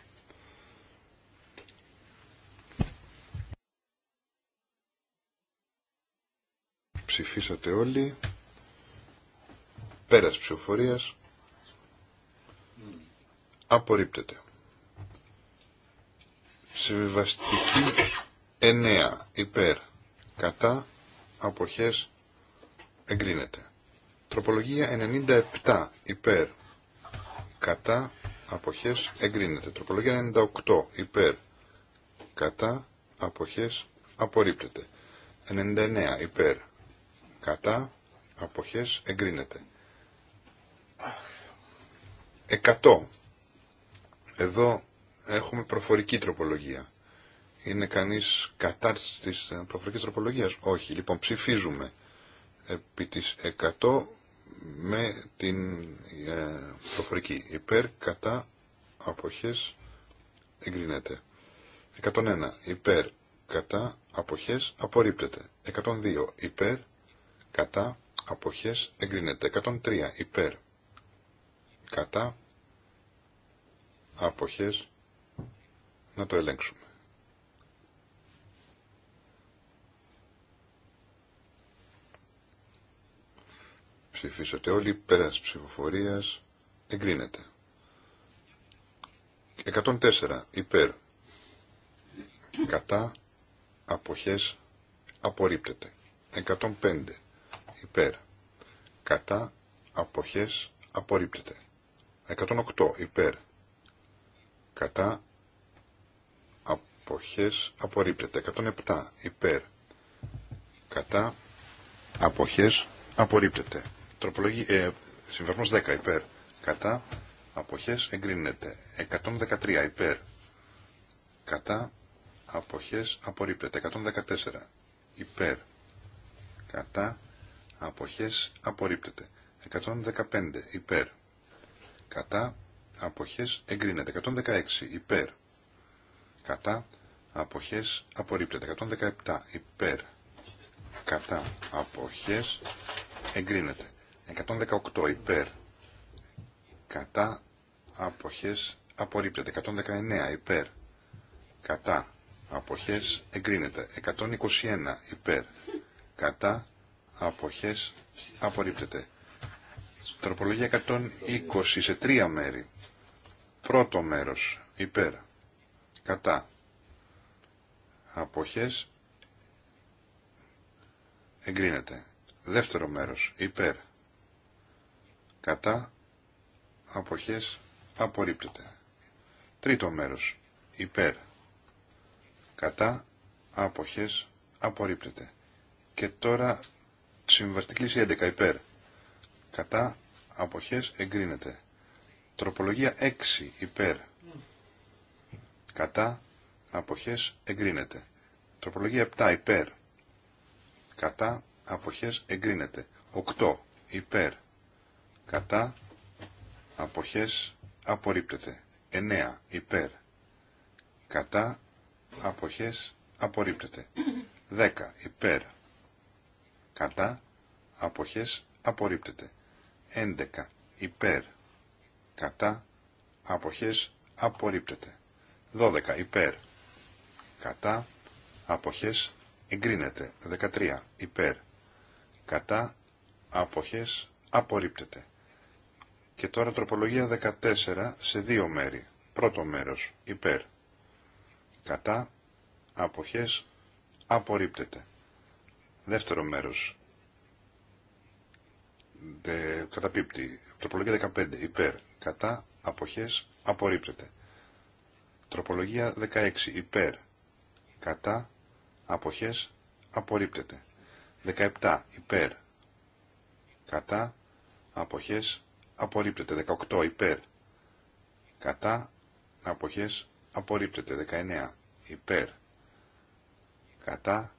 Ψηφίσατε όλοι. Πέρας ψηφοφορίας. Απορρίπτεται. Συμβιβαστική 9 υπέρ κατά αποχές εγκρίνεται. Τροπολογία 97 υπέρ κατά αποχές εγκρίνεται. Τροπολογία 98 υπέρ κατά αποχές απορρίπτεται. 99 υπέρ κατά αποχές εγκρίνεται. 100. Εδώ έχουμε προφορική τροπολογία. Είναι κανεί κατά τη προφορικής τροπολογία. Όχι. Λοιπόν, ψηφίζουμε επί τη 100 με την ε, προφορική. Υπέρ, κατά, απόχέ, εγκρίνεται. 101. Υπέρ, κατά, αποχές, απορρίπτεται. 102. Υπέρ, κατά, απόχέ, εγκρίνεται. 103. Υπέρ, κατά, απόχέ να το ελέγξουμε. ψηφίσατε όλοι πέρας ψηφοφορία εγκρίνεται 104 υπέρ κατά αποχές απορρίπτεται 105 υπέρ κατά αποχές απορρίπτεται 108 υπέρ κατά αποχές απορρίπτεται 107 υπέρ κατά αποχές απορρίπτεται τροπολογή, ε, 10 υπέρ κατά αποχές εγκρίνεται. 113 υπέρ κατά αποχές απορρίπτεται. 114 υπέρ κατά αποχές απορρίπτεται. 115 υπέρ κατά αποχές εγκρίνεται. 116 υπέρ κατά αποχές απορρίπτεται. 117 υπέρ κατά αποχές εγκρίνεται. 118 υπέρ κατά αποχές απορρίπτεται 119 υπέρ κατά αποχές εγκρίνεται 121 υπέρ κατά αποχές απορρίπτεται τροπολογία 120 σε τρία μέρη πρώτο μέρος υπέρ κατά αποχές εγκρίνεται δεύτερο μέρος υπέρ κατά αποχές απορρίπτεται. Τρίτο μέρος υπέρ κατά αποχές απορρίπτεται. Και τώρα συμβαστική λύση 11 υπέρ κατά αποχές εγκρίνεται. Τροπολογία 6 υπέρ κατά αποχές εγκρίνεται. Τροπολογία 7 υπέρ κατά αποχές εγκρίνεται. 8 υπέρ κατά αποχές απορρίπτεται. 9 υπέρ κατά αποχές απορρίπτεται. 10 υπέρ κατά αποχές απορρίπτεται. 11 υπέρ κατά αποχές απορρίπτεται. 12 υπέρ κατά αποχές εγκρίνεται. 13 υπέρ κατά αποχές απορρίπτεται. Και τώρα τροπολογία 14 σε δύο μέρη. Πρώτο μέρος υπέρ. Κατά αποχές απορρίπτεται. Δεύτερο μέρος δε, καταπίπτει. Τροπολογία 15 υπέρ. Κατά αποχές απορρίπτεται. Τροπολογία 16 υπέρ. Κατά αποχές απορρίπτεται. 17 υπέρ. Κατά αποχές απορρίπτεται 18 υπέρ κατά αποχές απορρίπτεται 19 υπέρ κατά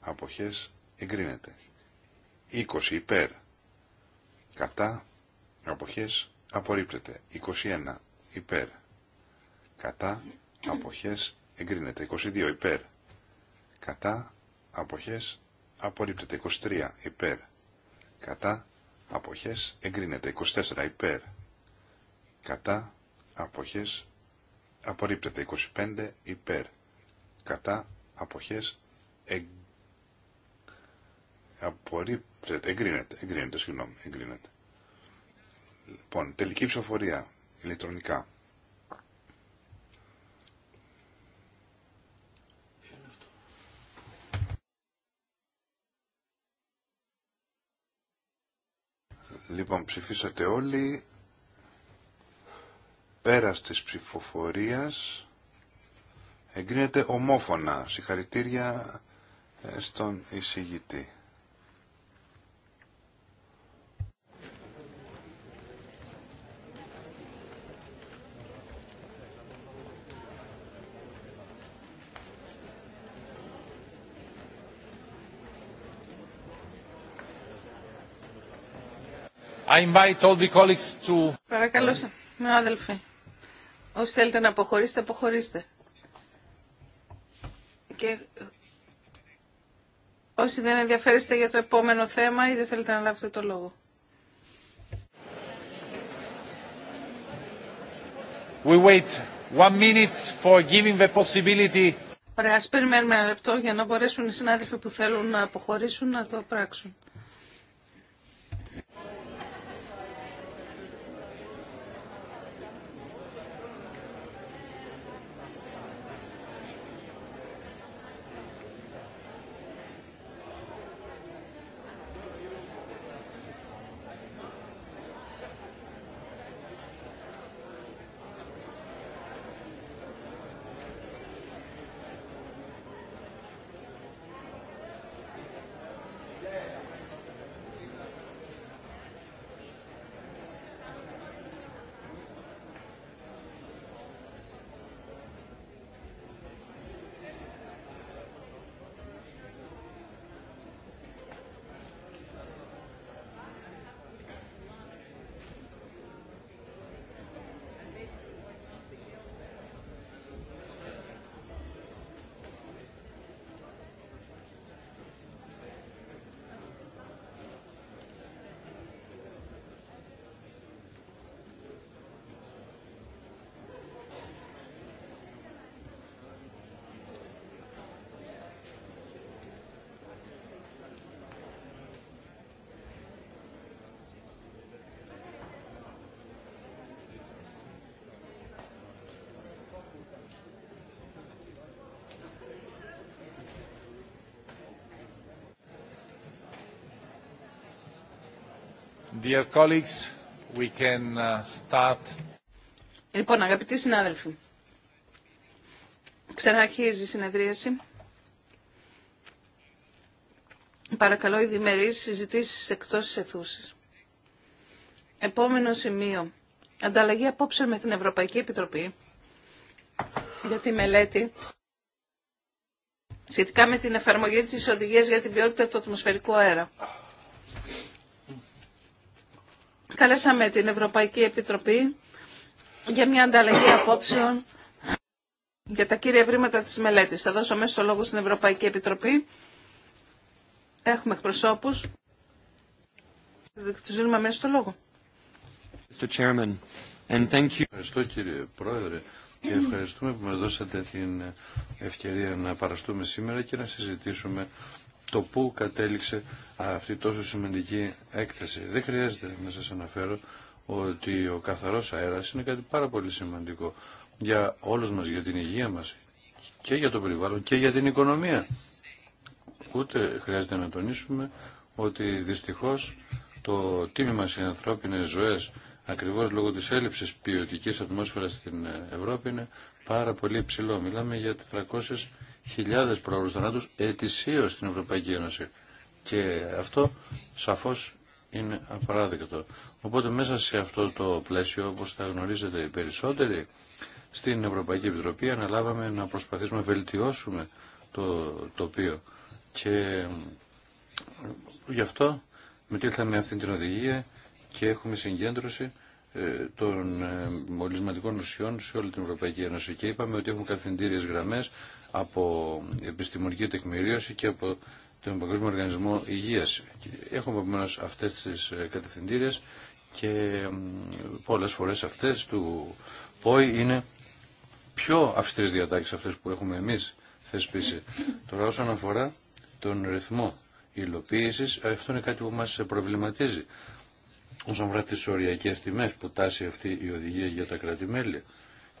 αποχές εγκρίνεται 20 υπέρ κατά αποχές απορρίπτεται 21 υπέρ κατά αποχές εγκρίνεται 22 υπέρ κατά αποχές απορρίπτεται 23 υπέρ κατά αποχές εγκρίνεται. 24 υπέρ κατά αποχές απορρίπτεται. 25 υπέρ κατά αποχές απορρίπτεται. Εγκρίνεται. Εγκρίνεται. Συγγνώμη. Εγκρίνεται. Λοιπόν, τελική ψηφοφορία ηλεκτρονικά. Λοιπόν, ψηφίσατε όλοι. Πέρας της ψηφοφορίας εγκρίνεται ομόφωνα. Συγχαρητήρια ε, στον εισηγητή. Παρακαλώ, με άδελφοι. Όσοι θέλετε να αποχωρήσετε, αποχωρήστε. Και όσοι δεν ενδιαφέρεστε για το επόμενο θέμα ή δεν θέλετε να λάβετε το λόγο. We wait one minute for giving the possibility. Ωραία, ας περιμένουμε ένα λεπτό για να μπορέσουν οι συνάδελφοι που θέλουν να αποχωρήσουν να το πράξουν. Dear colleagues, we can uh, start. Λοιπόν, αγαπητοί συνάδελφοι, ξαναρχίζει η συνεδρίαση. Παρακαλώ, οι διμερείς συζητήσεις εκτός της Επόμενο σημείο. Ανταλλαγή απόψε με την Ευρωπαϊκή Επιτροπή για τη μελέτη σχετικά με την εφαρμογή της οδηγία για την ποιότητα του ατμοσφαιρικού αέρα. Καλέσαμε την Ευρωπαϊκή Επιτροπή για μια ανταλλαγή απόψεων για τα κύρια βρήματα της μελέτης. Θα δώσω μέσα το λόγο στην Ευρωπαϊκή Επιτροπή. Έχουμε εκπροσώπους. Τους δίνουμε μέσα το λόγο. Ευχαριστώ κύριε Πρόεδρε και ευχαριστούμε που μας δώσατε την ευκαιρία να παραστούμε σήμερα και να συζητήσουμε το πού κατέληξε αυτή τόσο σημαντική έκθεση. Δεν χρειάζεται να σας αναφέρω ότι ο καθαρός αέρας είναι κάτι πάρα πολύ σημαντικό για όλους μας, για την υγεία μας και για το περιβάλλον και για την οικονομία. Ούτε χρειάζεται να τονίσουμε ότι δυστυχώς το τίμημα σε ανθρώπινες ζωές ακριβώς λόγω της έλλειψης ποιοτικής ατμόσφαιρας στην Ευρώπη είναι πάρα πολύ ψηλό. Μιλάμε για 400 χιλιάδες προώρους θανάτου ετησίω στην Ευρωπαϊκή Ένωση. Και αυτό σαφώς είναι απαράδεκτο. Οπότε μέσα σε αυτό το πλαίσιο, όπως θα γνωρίζετε οι περισσότεροι, στην Ευρωπαϊκή Επιτροπή αναλάβαμε να προσπαθήσουμε να βελτιώσουμε το τοπίο. Και γι' αυτό μετήλθαμε αυτή την οδηγία και έχουμε συγκέντρωση ε, των ε, μολυσματικών ουσιών σε όλη την Ευρωπαϊκή Ένωση. Και είπαμε ότι έχουμε καθεντήριες γραμμές από επιστημονική τεκμηρίωση και από τον Παγκόσμιο Οργανισμό Υγείας. Έχουμε επομένω αυτές τις ε, κατευθυντήριες και πολλές φορές αυτές του ΠΟΗ είναι πιο αυστηρές διατάξεις αυτές που έχουμε εμείς θεσπίσει. Τώρα όσον αφορά τον ρυθμό υλοποίησης, αυτό είναι κάτι που μας προβληματίζει. Όσον αφορά τις οριακές τιμές που τάσει αυτή η οδηγία για τα κράτη-μέλη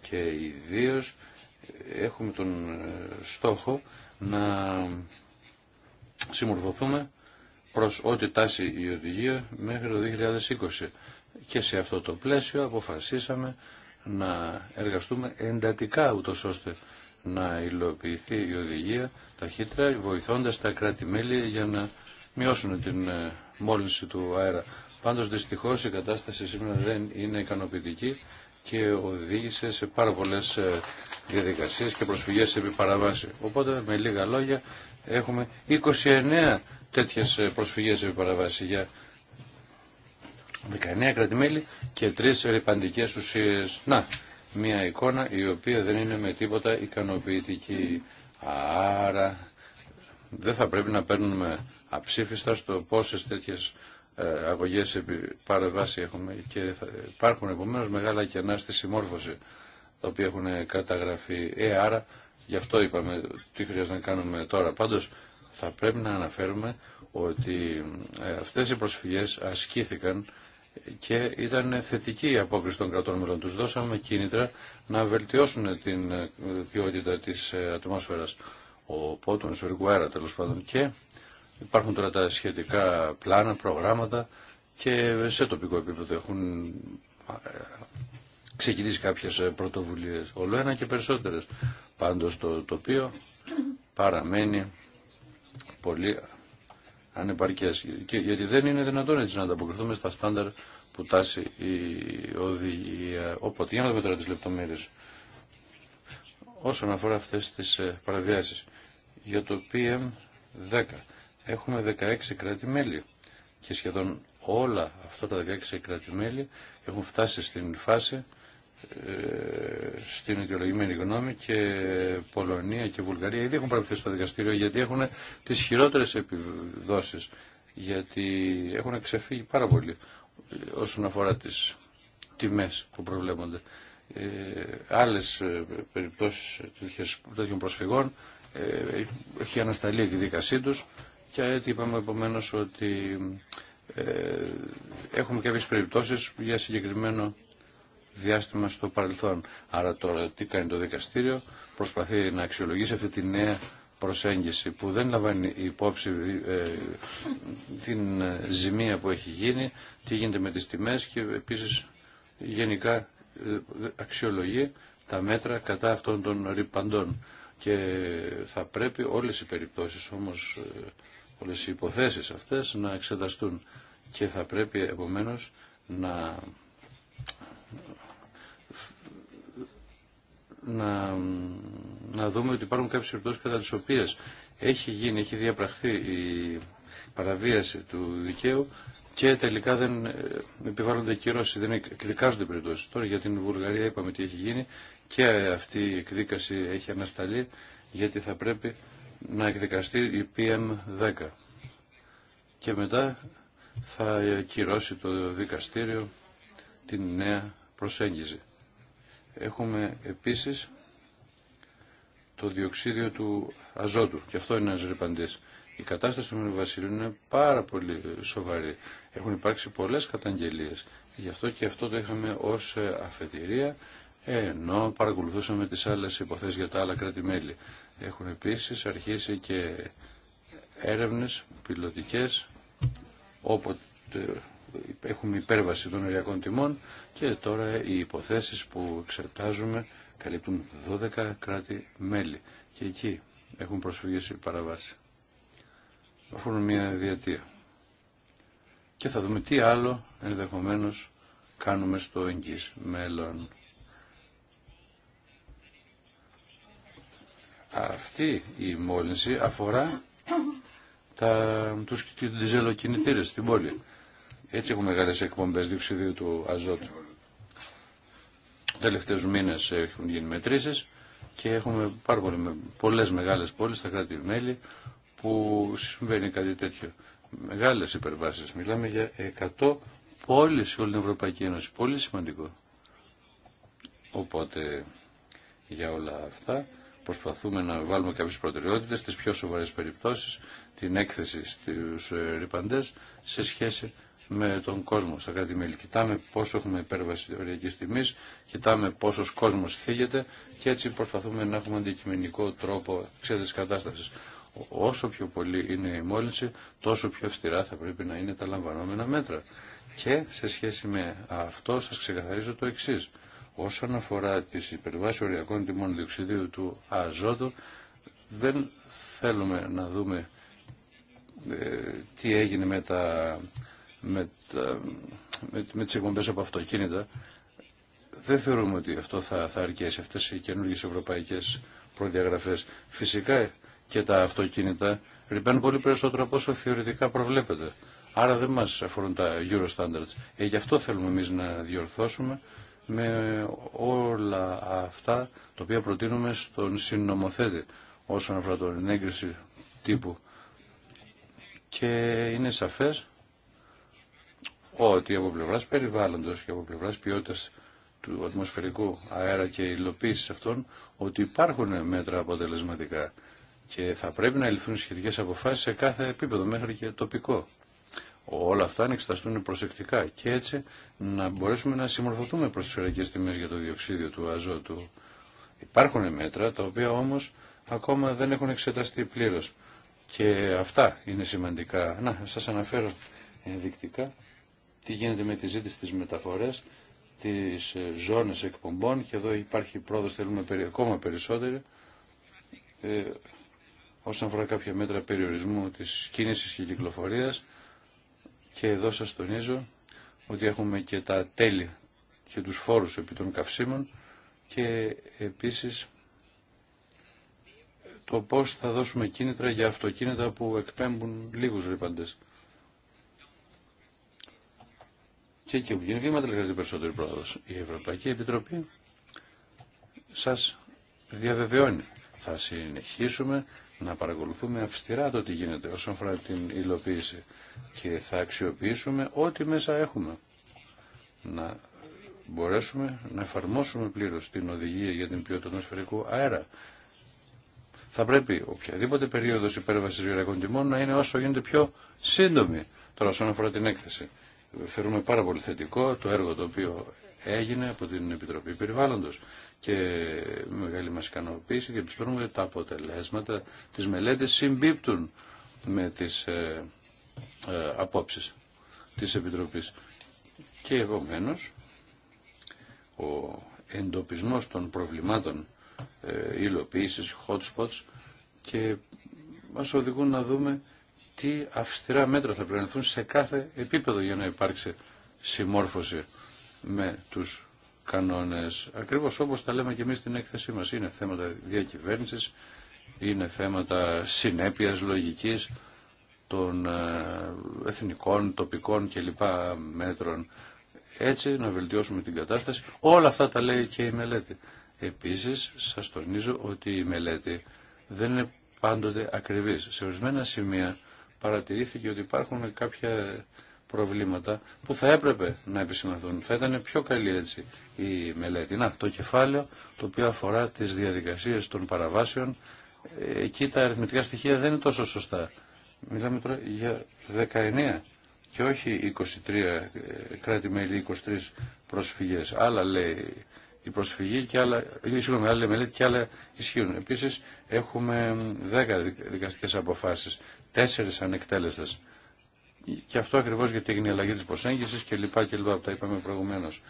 και ιδίω έχουμε τον ε, στόχο να συμμορφωθούμε προς ό,τι τάση η οδηγία μέχρι το 2020. Και σε αυτό το πλαίσιο αποφασίσαμε να εργαστούμε εντατικά ούτως ώστε να υλοποιηθεί η οδηγία ταχύτερα βοηθώντας τα κράτη-μέλη για να μειώσουν την ε, μόλυνση του αέρα. Πάντως δυστυχώς η κατάσταση σήμερα δεν είναι ικανοποιητική και οδήγησε σε πάρα πολλέ ε, διαδικασίε και προσφυγέ επί παραβάση. Οπότε με λίγα λόγια έχουμε 29 τέτοιες ε, προσφυγές επί παραβάση για 19 κρατημέλη και 3 ρηπαντικέ ουσίε Να, μια εικόνα η οποία δεν είναι με τίποτα ικανοποιητική. Άρα δεν θα πρέπει να παίρνουμε αψήφιστα στο πόσες τέτοιε. Ε, αγωγές επί παρεμβάση έχουμε και υπάρχουν επομένως μεγάλα κενά στη συμμόρφωση τα οποία έχουν καταγραφεί. Ε, άρα γι' αυτό είπαμε τι χρειάζεται να κάνουμε τώρα. Πάντως θα πρέπει να αναφέρουμε ότι ε, αυτές οι προσφυγές ασκήθηκαν και ήταν θετική η απόκριση των κρατών μελών. Τους δώσαμε κίνητρα να βελτιώσουν την ε, ποιότητα της ατμόσφαιρας, ο πότων αέρα τέλος πάντων και Υπάρχουν τώρα τα σχετικά πλάνα, προγράμματα και σε τοπικό επίπεδο έχουν ε, ξεκινήσει κάποιες ε, πρωτοβουλίες. Όλο ένα και περισσότερες. Πάντως το τοπίο παραμένει πολύ ανεπαρκές. γιατί δεν είναι δυνατόν έτσι να ανταποκριθούμε στα στάνταρ που τάσει η οδηγία. Οπότε, για να δούμε τώρα τις λεπτομέρειες. Όσον αφορά αυτές τις ε, παραβιάσεις για το PM10 έχουμε 16 κράτη-μέλη και σχεδόν όλα αυτά τα 16 κράτη-μέλη έχουν φτάσει στην φάση ε, στην αιτιολογημένη γνώμη και Πολωνία και Βουλγαρία ήδη έχουν παραπευθεί στο δικαστήριο γιατί έχουν τις χειρότερες επιδόσεις γιατί έχουν ξεφύγει πάρα πολύ όσον αφορά τις τιμές που προβλέπονται ε, άλλες ε, περιπτώσεις τέτοιων προσφυγών ε, έχει ανασταλεί η δίκασή τους και είπαμε επομένω ότι ε, έχουμε κάποιες περιπτώσεις για συγκεκριμένο διάστημα στο παρελθόν. Άρα τώρα τι κάνει το δικαστήριο, προσπαθεί να αξιολογήσει αυτή τη νέα προσέγγιση που δεν λαμβάνει υπόψη ε, την ε, ζημία που έχει γίνει, τι γίνεται με τις τιμές και επίσης γενικά ε, αξιολογεί τα μέτρα κατά αυτών των ρηπαντών. Και θα πρέπει όλες οι περιπτώσεις όμως όλες οι υποθέσεις αυτές να εξεταστούν και θα πρέπει επομένως να να, δούμε ότι υπάρχουν κάποιες περιπτώσεις κατά τις οποίες έχει γίνει, έχει διαπραχθεί η παραβίαση του δικαίου και τελικά δεν ε, επιβάλλονται κυρώσει, δεν εκδικάζονται περιπτώσει. Τώρα για την Βουλγαρία είπαμε τι έχει γίνει και αυτή η εκδίκαση έχει ανασταλεί γιατί θα πρέπει να εκδικαστεί η PM10 και μετά θα κυρώσει το δικαστήριο την νέα προσέγγιση. Έχουμε επίσης το διοξίδιο του αζότου και αυτό είναι ένας ρηπαντής. Η κατάσταση του Βασιλείου είναι πάρα πολύ σοβαρή. Έχουν υπάρξει πολλές καταγγελίες. Γι' αυτό και αυτό το είχαμε ως αφετηρία ενώ παρακολουθούσαμε τις άλλες υποθέσεις για τα άλλα κράτη-μέλη. Έχουν επίσης αρχίσει και έρευνες πιλωτικές όπου έχουμε υπέρβαση των οριακών τιμών και τώρα οι υποθέσεις που εξετάζουμε καλύπτουν 12 κράτη-μέλη και εκεί έχουν προσφυγές ή παραβάσει. είναι μια διατία. Και θα δούμε τι άλλο ενδεχομένως κάνουμε στο εγγύς μέλλον. αυτή η μόλυνση αφορά τα, τους διζελοκινητήρες στην πόλη. Έτσι έχουμε μεγάλες εκπομπές διοξιδίου του αζότου. Τελευταίους μήνες έχουν γίνει μετρήσεις και έχουμε πάρα πολύ, πολλές μεγάλες πόλεις στα κράτη-μέλη που συμβαίνει κάτι τέτοιο. Μεγάλες υπερβάσεις. Μιλάμε για 100 πόλεις σε όλη την Ευρωπαϊκή Ένωση. Πολύ σημαντικό. Οπότε για όλα αυτά προσπαθούμε να βάλουμε κάποιε προτεραιότητε, τι πιο σοβαρέ περιπτώσει, την έκθεση στου ε, ρηπαντέ σε σχέση με τον κόσμο στα κράτη-μέλη. Κοιτάμε πόσο έχουμε υπέρβαση οριακή τιμή, κοιτάμε πόσο κόσμο θίγεται και έτσι προσπαθούμε να έχουμε αντικειμενικό τρόπο τη κατάσταση. Όσο πιο πολύ είναι η μόλυνση, τόσο πιο αυστηρά θα πρέπει να είναι τα λαμβανόμενα μέτρα. Και σε σχέση με αυτό σας ξεκαθαρίζω το εξή. Όσον αφορά τις υπερβάσεις οριακών τιμών διοξιδίου του αζότου, δεν θέλουμε να δούμε ε, τι έγινε με, τα, με, τα, με, τις εκπομπές από αυτοκίνητα. Δεν θεωρούμε ότι αυτό θα, θα αρκέσει αυτές οι καινούργιες ευρωπαϊκές προδιαγραφές. Φυσικά και τα αυτοκίνητα ρηπαίνουν πολύ περισσότερο από όσο θεωρητικά προβλέπεται. Άρα δεν μας αφορούν τα Euro Standards. Ε, γι' αυτό θέλουμε εμείς να διορθώσουμε με όλα αυτά τα οποία προτείνουμε στον συνομοθέτη όσον αφορά την έγκριση τύπου. Και είναι σαφές ότι από πλευράς περιβάλλοντος και από πλευράς ποιότητας του ατμοσφαιρικού αέρα και υλοποίηση αυτών ότι υπάρχουν μέτρα αποτελεσματικά και θα πρέπει να ληφθούν σχετικές αποφάσεις σε κάθε επίπεδο μέχρι και τοπικό όλα αυτά να εξεταστούν προσεκτικά και έτσι να μπορέσουμε να συμμορφωθούμε προς τις οριακές τιμές για το διοξίδιο του αζότου. Υπάρχουν μέτρα τα οποία όμως ακόμα δεν έχουν εξεταστεί πλήρως και αυτά είναι σημαντικά. Να, σας αναφέρω ενδεικτικά τι γίνεται με τη ζήτηση της μεταφορές, τις ε, ζώνες εκπομπών και εδώ υπάρχει πρόοδος, θέλουμε ακόμα περισσότερη ε, όσον αφορά κάποια μέτρα περιορισμού της κίνησης και κυκλοφορίας και εδώ σας τονίζω ότι έχουμε και τα τέλη και τους φόρους επί των καυσίμων και επίσης το πώς θα δώσουμε κίνητρα για αυτοκίνητα που εκπέμπουν λίγους ρήπαντες. Και εκεί που γίνει βήματα εργάζεται περισσότερη πρόοδος. Η Ευρωπαϊκή Επιτροπή σας διαβεβαιώνει. Θα συνεχίσουμε να παρακολουθούμε αυστηρά το τι γίνεται όσον αφορά την υλοποίηση και θα αξιοποιήσουμε ό,τι μέσα έχουμε. Να μπορέσουμε να εφαρμόσουμε πλήρως την οδηγία για την ποιότητα του αέρα. Θα πρέπει οποιαδήποτε περίοδος υπέρβασης γερακών τιμών να είναι όσο γίνεται πιο σύντομη. Τώρα όσον αφορά την έκθεση. Θεωρούμε πάρα πολύ θετικό το έργο το οποίο έγινε από την Επιτροπή Περιβάλλοντος και μεγάλη μας ικανοποίηση και πιστεύουμε ότι τα αποτελέσματα της μελέτης συμπίπτουν με τις ε, ε, απόψεις της Επιτροπής. Και επομένω, ο εντοπισμός των προβλημάτων ε, υλοποίησης, hot spots και μας οδηγούν να δούμε τι αυστηρά μέτρα θα προηγηθούν σε κάθε επίπεδο για να υπάρξει συμμόρφωση με τους κανόνες. Ακριβώς όπως τα λέμε και εμείς στην έκθεσή μας. Είναι θέματα διακυβέρνησης, είναι θέματα συνέπειας λογικής των ε, εθνικών, τοπικών κλπ. μέτρων. Έτσι να βελτιώσουμε την κατάσταση. Όλα αυτά τα λέει και η μελέτη. Επίσης σας τονίζω ότι η μελέτη δεν είναι πάντοτε ακριβής. Σε ορισμένα σημεία παρατηρήθηκε ότι υπάρχουν κάποια προβλήματα που θα έπρεπε να επισημαθούν. Θα ήταν πιο καλή έτσι η μελέτη. Να, το κεφάλαιο το οποίο αφορά τις διαδικασίες των παραβάσεων, εκεί τα αριθμητικά στοιχεία δεν είναι τόσο σωστά. Μιλάμε τώρα για 19 και όχι 23 ε, κράτη-μέλη, 23 προσφυγές. Άλλα λέει η προσφυγή και άλλα, ε, συγγνώμη, άλλα μελέτη και άλλα ισχύουν. Επίσης έχουμε 10 δικαστικές αποφάσεις, 4 ανεκτέλεστες. Και αυτό ακριβώ γιατί έγινε η αλλαγή τη προσέγγιση και λοιπά και λοιπά, τα είπαμε προηγουμένως.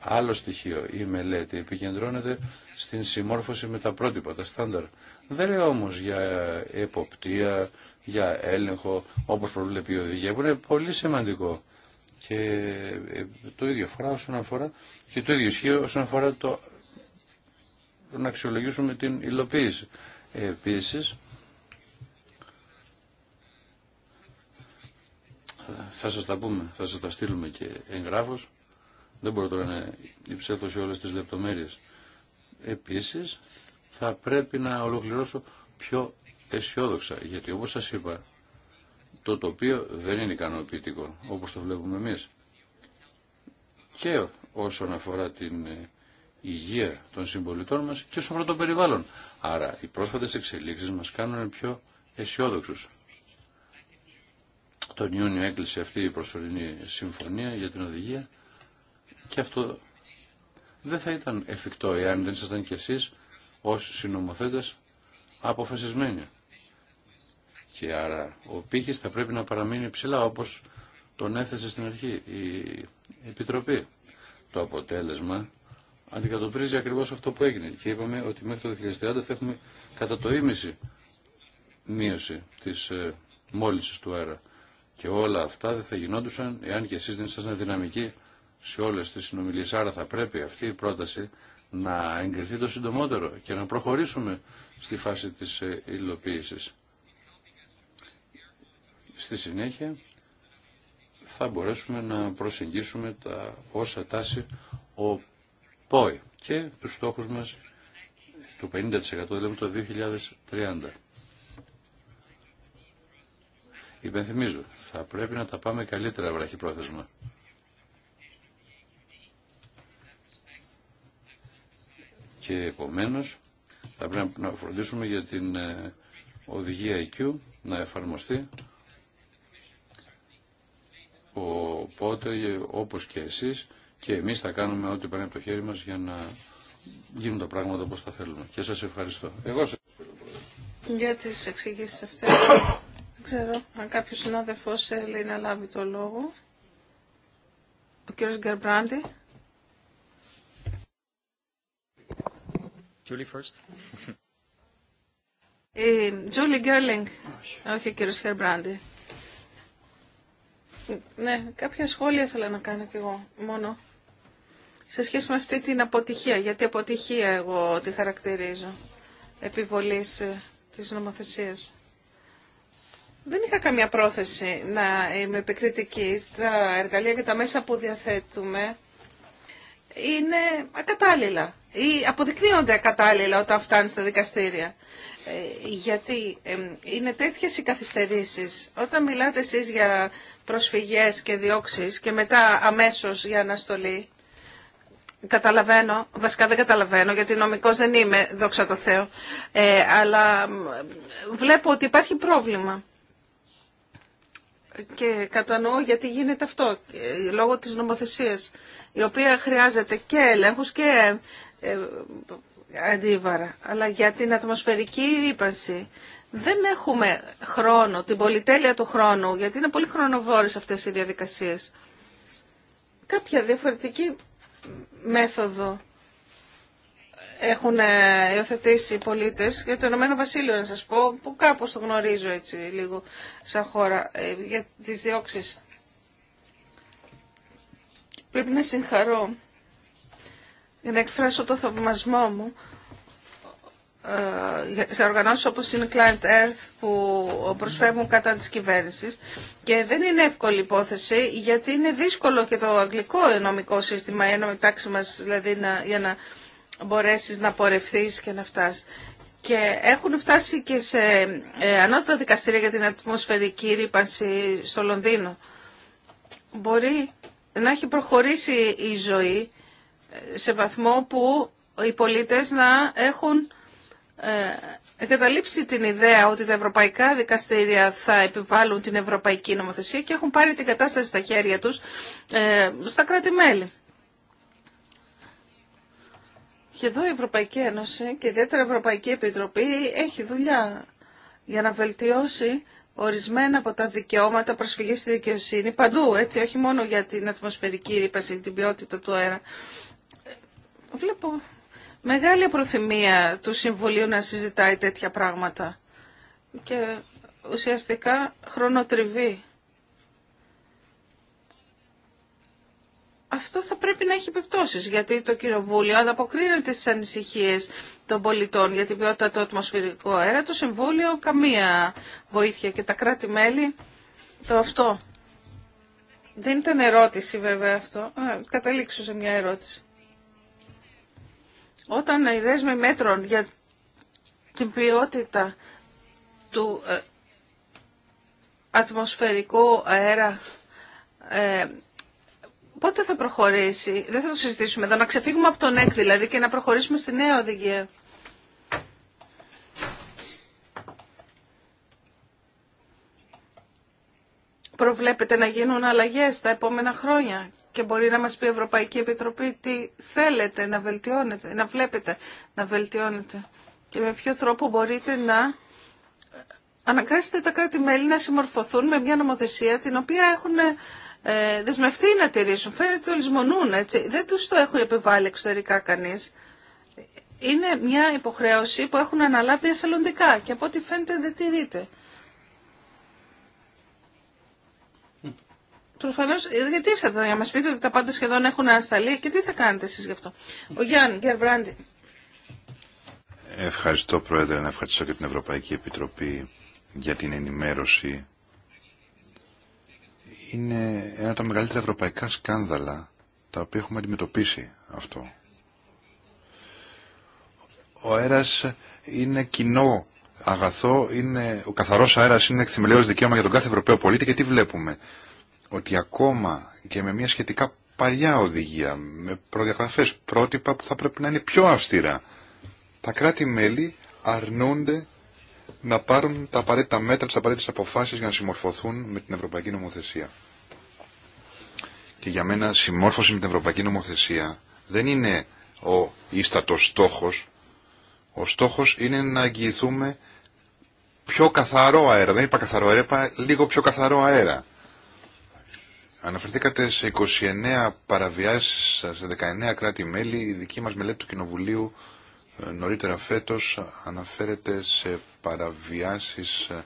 Άλλο στοιχείο, η μελέτη επικεντρώνεται στην συμμόρφωση με τα πρότυπα, τα στάνταρ. Δεν λέει όμως για εποπτεία, για έλεγχο, όπως προβλέπει η οδηγία, που είναι πολύ σημαντικό. Και ε, το ίδιο φορά όσον αφορά, και το ίδιο ισχύει όσον αφορά το να αξιολογήσουμε την υλοποίηση. Επίσης, Θα σας τα πούμε, θα σας τα στείλουμε και εγγράφως. Δεν μπορώ τώρα να υψέθω σε όλες τις λεπτομέρειες. Επίσης, θα πρέπει να ολοκληρώσω πιο αισιόδοξα, γιατί όπως σας είπα, το τοπίο δεν είναι ικανοποιητικό, όπως το βλέπουμε εμείς. Και όσον αφορά την ε, υγεία των συμπολιτών μας και όσον αφορά το περιβάλλον. Άρα, οι πρόσφατες εξελίξεις μας κάνουν πιο αισιόδοξους. Τον Ιούνιο έκλεισε αυτή η προσωρινή συμφωνία για την οδηγία και αυτό δεν θα ήταν εφικτό εάν δεν ήσασταν κι εσείς ως συνομοθέτες αποφασισμένοι. Και άρα ο πύχης θα πρέπει να παραμείνει ψηλά όπως τον έθεσε στην αρχή η Επιτροπή. Το αποτέλεσμα αντικατοπτρίζει ακριβώς αυτό που έγινε και είπαμε ότι μέχρι το 2030 θα έχουμε κατά το ίμιση μείωση της ε, μόλυνσης του αέρα. Και όλα αυτά δεν θα γινόντουσαν εάν και εσείς δεν ήσασταν δυναμικοί σε όλες τις συνομιλίες. Άρα θα πρέπει αυτή η πρόταση να εγκριθεί το συντομότερο και να προχωρήσουμε στη φάση της ε, υλοποίησης. Στη συνέχεια θα μπορέσουμε να προσεγγίσουμε τα όσα τάση ο ΠΟΗ και τους στόχους μας του 50% δηλαδή το 2030 υπενθυμίζω, θα πρέπει να τα πάμε καλύτερα πρόθεσμα. Και επομένως θα πρέπει να φροντίσουμε για την ε, οδηγία IQ να εφαρμοστεί οπότε όπως και εσείς και εμείς θα κάνουμε ό,τι πάνε από το χέρι μας για να γίνουν τα πράγματα όπως τα θέλουμε. Και σας ευχαριστώ. Εγώ σας ευχαριστώ. Για τις εξηγήσεις αυτές ξέρω αν κάποιος συνάδελφος θέλει να λάβει το λόγο. Ο κύριος Γκερμπράντι; Julie first. Η Τζούλι Γκέρλινγκ, όχι ο κύριος Γκερμπράντι. Ναι, κάποια σχόλια θέλω να κάνω κι εγώ, μόνο. Σε σχέση με αυτή την αποτυχία, γιατί αποτυχία εγώ τη χαρακτηρίζω, επιβολής ε, της νομοθεσίας. Δεν είχα καμία πρόθεση να είμαι επικριτική. Τα εργαλεία και τα μέσα που διαθέτουμε είναι ακατάλληλα ή αποδεικνύονται ακατάλληλα όταν φτάνουν στα δικαστήρια. Ε, γιατί είναι τέτοιες οι καθυστερήσεις. Όταν μιλάτε εσείς για προσφυγές και διώξεις και μετά αμέσως για αναστολή, Καταλαβαίνω, βασικά δεν καταλαβαίνω γιατί νομικός δεν είμαι, δόξα τω Θεώ, ε, αλλά βλέπω ότι υπάρχει πρόβλημα και κατανοώ γιατί γίνεται αυτό λόγω της νομοθεσίας η οποία χρειάζεται και ελέγχους και ε, ε, αντίβαρα αλλά για την ατμοσφαιρική ύπαρση δεν έχουμε χρόνο, την πολυτέλεια του χρόνου γιατί είναι πολύ χρονοβόρες αυτές οι διαδικασίες κάποια διαφορετική μέθοδο έχουν ε, υιοθετήσει οι πολίτες για το Ηνωμένο Βασίλειο να σας πω που κάπως το γνωρίζω έτσι λίγο σαν χώρα ε, για τι διώξεις πρέπει να συγχαρώ για να εκφράσω το θαυμασμό μου ε, σε οργανώσεις όπως είναι Client Earth που προσφέρουν κατά της κυβέρνησης και δεν είναι εύκολη υπόθεση γιατί είναι δύσκολο και το αγγλικό νομικό σύστημα η ένωμη τάξη μας δηλαδή για να μπορέσεις να πορευθείς και να φτάσεις. Και έχουν φτάσει και σε ε, ανώτατα δικαστήρια για την ατμοσφαιρική ρήπανση στο Λονδίνο. Μπορεί να έχει προχωρήσει η ζωή ε, σε βαθμό που οι πολίτες να έχουν ε, εγκαταλείψει την ιδέα ότι τα ευρωπαϊκά δικαστήρια θα επιβάλλουν την ευρωπαϊκή νομοθεσία και έχουν πάρει την κατάσταση στα χέρια τους στα κράτη-μέλη. Και εδώ η Ευρωπαϊκή Ένωση και ιδιαίτερα η Ευρωπαϊκή Επιτροπή έχει δουλειά για να βελτιώσει ορισμένα από τα δικαιώματα προσφυγής στη δικαιοσύνη παντού, έτσι, όχι μόνο για την ατμοσφαιρική ρήπαση, την ποιότητα του αέρα. Βλέπω μεγάλη προθυμία του Συμβουλίου να συζητάει τέτοια πράγματα και ουσιαστικά χρονοτριβή. αυτό θα πρέπει να έχει επιπτώσει, γιατί το Κοινοβούλιο ανταποκρίνεται στι ανησυχίε των πολιτών για την ποιότητα του ατμοσφαιρικού αέρα. Το Συμβούλιο καμία βοήθεια και τα κράτη-μέλη το αυτό. Δεν ήταν ερώτηση βέβαια αυτό. Α, καταλήξω σε μια ερώτηση. Όταν οι δέσμοι μέτρων για την ποιότητα του ε, ατμοσφαιρικού αέρα ε, Πότε θα προχωρήσει, δεν θα το συζητήσουμε εδώ, να ξεφύγουμε από τον ΕΚ δηλαδή και να προχωρήσουμε στη νέα οδηγία. Προβλέπετε να γίνουν αλλαγές τα επόμενα χρόνια και μπορεί να μας πει η Ευρωπαϊκή Επιτροπή τι θέλετε να βελτιώνετε, να βλέπετε να βελτιώνετε και με ποιο τρόπο μπορείτε να αναγκάσετε τα κράτη-μέλη να συμμορφωθούν με μια νομοθεσία την οποία έχουν ε, δεσμευτεί να τηρήσουν. Φαίνεται ότι λησμονούν, έτσι. Δεν τους το έχουν επιβάλει εξωτερικά κανείς. Είναι μια υποχρέωση που έχουν αναλάβει εθελοντικά και από ό,τι φαίνεται δεν τηρείται. Προφανώ, γιατί ήρθατε εδώ για να μα πείτε ότι τα πάντα σχεδόν έχουν ανασταλεί και τι θα κάνετε εσεί γι' αυτό. Ο Γιάννη Γκερμπράντι. Ευχαριστώ, Πρόεδρε, να ευχαριστώ και την Ευρωπαϊκή Επιτροπή για την ενημέρωση είναι ένα από τα μεγαλύτερα ευρωπαϊκά σκάνδαλα τα οποία έχουμε αντιμετωπίσει αυτό. Ο αέρας είναι κοινό αγαθό, είναι, ο καθαρός αέρας είναι θεμελιώδες δικαίωμα για τον κάθε Ευρωπαίο πολίτη και τι βλέπουμε. Ότι ακόμα και με μια σχετικά παλιά οδηγία, με προδιαγραφές πρότυπα που θα πρέπει να είναι πιο αυστηρά, τα κράτη-μέλη αρνούνται να πάρουν τα απαραίτητα μέτρα, τι απαραίτητε αποφάσεις για να συμμορφωθούν με την Ευρωπαϊκή Νομοθεσία. Και για μένα συμμόρφωση με την Ευρωπαϊκή Νομοθεσία δεν είναι ο ίστατος στόχος. Ο στόχος είναι να αγγιηθούμε πιο καθαρό αέρα. Δεν είπα καθαρό αέρα, είπα λίγο πιο καθαρό αέρα. Αναφερθήκατε σε 29 παραβιάσει σε 19 κράτη-μέλη. Η δική μα μελέτη του Κοινοβουλίου ε, νωρίτερα φέτο, αναφέρεται σε παραβιάσεις, ε,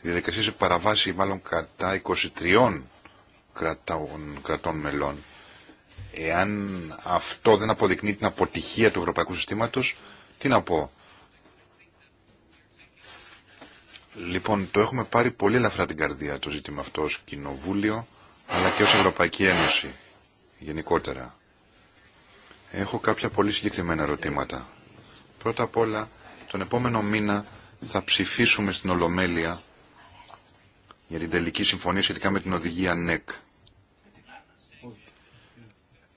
διαδικασίες σε παραβάση μάλλον κατά 23 κρατών, κρατών μελών. Εάν αυτό δεν αποδεικνύει την αποτυχία του ευρωπαϊκού συστήματος, τι να πω. Λοιπόν, το έχουμε πάρει πολύ ελαφρά την καρδία το ζήτημα αυτό ως Κοινοβούλιο, αλλά και ως Ευρωπαϊκή Ένωση γενικότερα. Έχω κάποια πολύ συγκεκριμένα ερωτήματα. Πρώτα απ' όλα, τον επόμενο μήνα θα ψηφίσουμε στην Ολομέλεια για την τελική συμφωνία σχετικά με την οδηγία ΝΕΚ.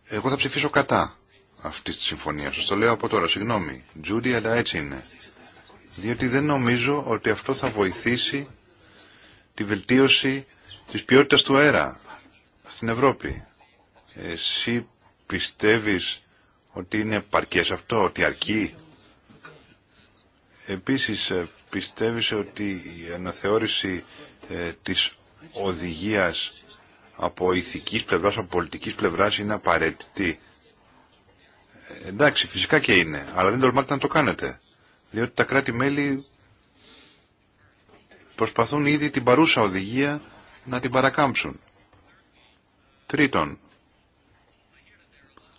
Εγώ θα ψηφίσω κατά αυτής της συμφωνίας. Σας το λέω από τώρα, συγγνώμη. Τζούντι, αλλά έτσι είναι. Διότι δεν νομίζω ότι αυτό θα βοηθήσει τη βελτίωση της ποιότητας του αέρα στην Ευρώπη. Εσύ πιστεύεις ότι είναι παρκές αυτό, ότι αρκεί. Επίσης ε, Πιστεύεις ότι η αναθεώρηση ε, της οδηγίας από ηθικής πλευράς, από πολιτικής πλευράς είναι απαραίτητη. εντάξει, φυσικά και είναι, αλλά δεν τολμάτε να το κάνετε. Διότι τα κράτη-μέλη προσπαθούν ήδη την παρούσα οδηγία να την παρακάμψουν. Τρίτον,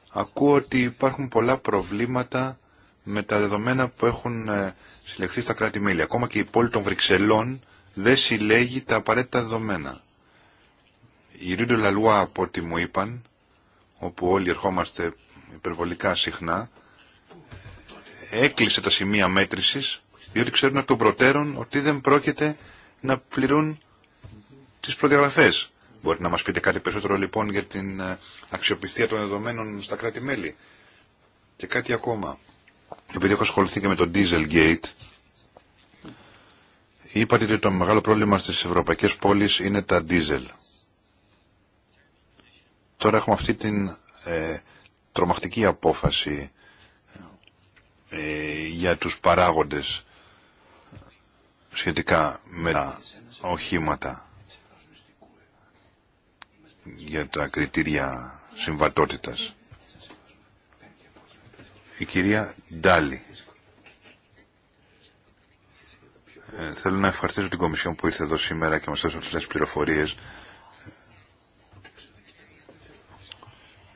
ακούω ότι υπάρχουν πολλά προβλήματα με τα δεδομένα που έχουν ε, συλλεχθεί στα κράτη-μέλη. Ακόμα και η πόλη των Βρυξελών δεν συλλέγει τα απαραίτητα δεδομένα. Η Ρίντο Λαλουά από ό,τι μου είπαν, όπου όλοι ερχόμαστε υπερβολικά συχνά, έκλεισε τα σημεία μέτρησης, διότι ξέρουν από τον προτέρων ότι δεν πρόκειται να πληρούν τις προδιαγραφές. Μπορείτε να μας πείτε κάτι περισσότερο λοιπόν για την ε, αξιοπιστία των δεδομένων στα κράτη-μέλη. Και κάτι ακόμα επειδή έχω ασχοληθεί και με το Dieselgate, είπατε ότι το μεγάλο πρόβλημα στις ευρωπαϊκές πόλεις είναι τα diesel. Τώρα έχουμε αυτή την ε, τρομακτική απόφαση ε, για τους παράγοντες σχετικά με τα οχήματα για τα κριτήρια συμβατότητας. Η κυρία Ντάλι. Ε, θέλω να ευχαριστήσω την Κομισιόν που ήρθε εδώ σήμερα και μας έδωσε αυτές τις πληροφορίες.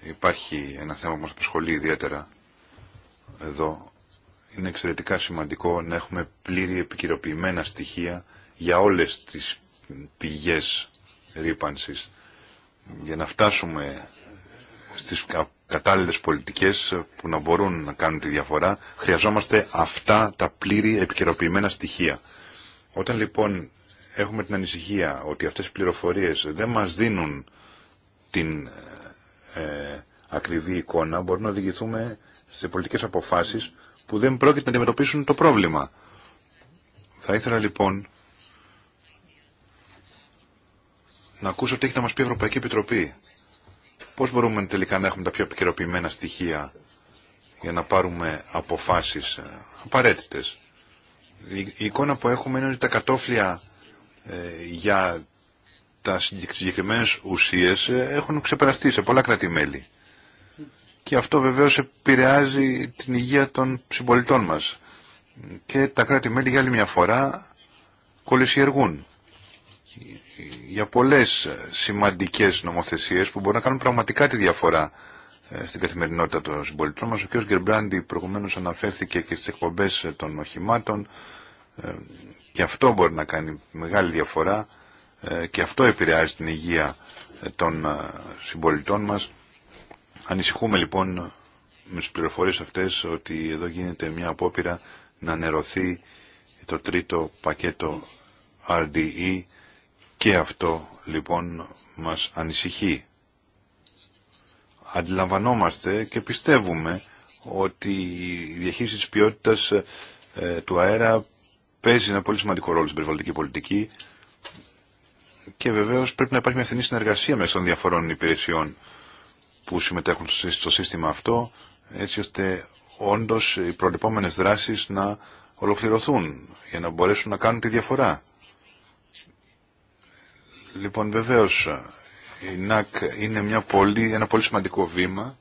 Υπάρχει ένα θέμα που μας απασχολεί ιδιαίτερα εδώ. Είναι εξαιρετικά σημαντικό να έχουμε πλήρη επικυροποιημένα στοιχεία για όλες τις πηγές ρήπανσης για να φτάσουμε στις κατάλληλες πολιτικές ε, που να μπορούν να κάνουν τη διαφορά, χρειαζόμαστε αυτά τα πλήρη επικαιροποιημένα στοιχεία. Όταν λοιπόν έχουμε την ανησυχία ότι αυτές οι πληροφορίες δεν μας δίνουν την ε, ε ακριβή εικόνα, μπορούμε να οδηγηθούμε σε πολιτικές αποφάσεις που δεν πρόκειται να αντιμετωπίσουν το πρόβλημα. Θα ήθελα λοιπόν να ακούσω τι έχει να μας πει η Ευρωπαϊκή Επιτροπή Πώς μπορούμε τελικά να έχουμε τα πιο επικαιροποιημένα στοιχεία για να πάρουμε αποφάσεις ε, απαραίτητες. Η εικόνα που έχουμε είναι ότι τα κατόφλια ε, για τα συγκεκριμένες ουσίες ε, έχουν ξεπεραστεί σε πολλά κράτη-μέλη. Και αυτό βεβαίως επηρεάζει την υγεία των συμπολιτών μας. Και τα κράτη-μέλη για άλλη μια φορά κολυσιεργούν για πολλές σημαντικές νομοθεσίες που μπορούν να κάνουν πραγματικά τη διαφορά ε, στην καθημερινότητα των συμπολιτών μας. Ο κ. Γκερμπράντι προηγουμένως αναφέρθηκε και στις εκπομπές των οχημάτων ε, και αυτό μπορεί να κάνει μεγάλη διαφορά ε, και αυτό επηρεάζει την υγεία των συμπολιτών μας. Ανησυχούμε λοιπόν με τις πληροφορίες αυτές ότι εδώ γίνεται μια απόπειρα να νερωθεί το τρίτο πακέτο RDE και αυτό λοιπόν μας ανησυχεί. Αντιλαμβανόμαστε και πιστεύουμε ότι η διαχείριση της ποιότητας ε, του αέρα παίζει ένα πολύ σημαντικό ρόλο στην περιβαλλοντική πολιτική και βεβαίως πρέπει να υπάρχει μια στενή συνεργασία μέσα των διαφορών υπηρεσιών που συμμετέχουν στο σύστημα αυτό έτσι ώστε όντως οι προληπόμενες δράσεις να ολοκληρωθούν για να μπορέσουν να κάνουν τη διαφορά. Λοιπόν, βεβαίω η ΝΑΚ είναι μια πολύ, ένα πολύ σημαντικό βήμα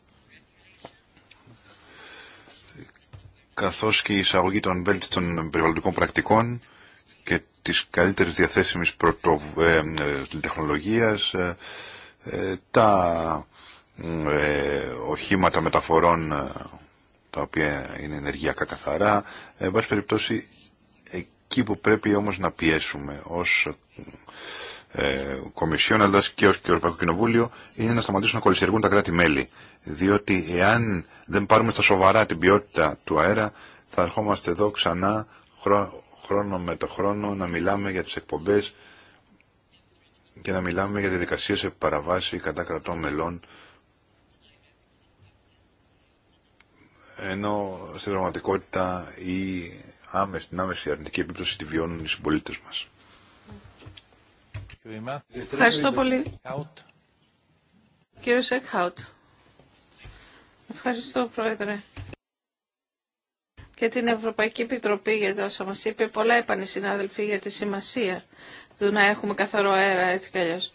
καθώς και η εισαγωγή των βέλτιστων περιβαλλοντικών πρακτικών και της καλύτερης διαθέσιμης πρωτο, ε, ε, τεχνολογίας, ε, τα οχήματα μεταφορών τα οποία είναι ενεργειακά καθαρά. Εν πάση περιπτώσει, εκεί που πρέπει όμως να πιέσουμε ως ε, Κομισιόν αλλά και ως και Ευρωπαϊκό Κοινοβούλιο είναι να σταματήσουν να κολλησιεργούν τα κράτη-μέλη. Διότι εάν δεν πάρουμε στα σοβαρά την ποιότητα του αέρα θα ερχόμαστε εδώ ξανά χρόνο με το χρόνο να μιλάμε για τις εκπομπές και να μιλάμε για διαδικασίες σε παραβάση κατά κρατών μελών ενώ στην πραγματικότητα η την άμεση αρνητική επίπτωση τη βιώνουν οι συμπολίτε μας. Ευχαριστώ πολύ. Κύριο Σεκχάουτ. Ευχαριστώ, Πρόεδρε. Και την Ευρωπαϊκή Επιτροπή για το όσα μας είπε. Πολλά είπαν για τη σημασία του να έχουμε καθαρό αέρα έτσι κι αλλιώς.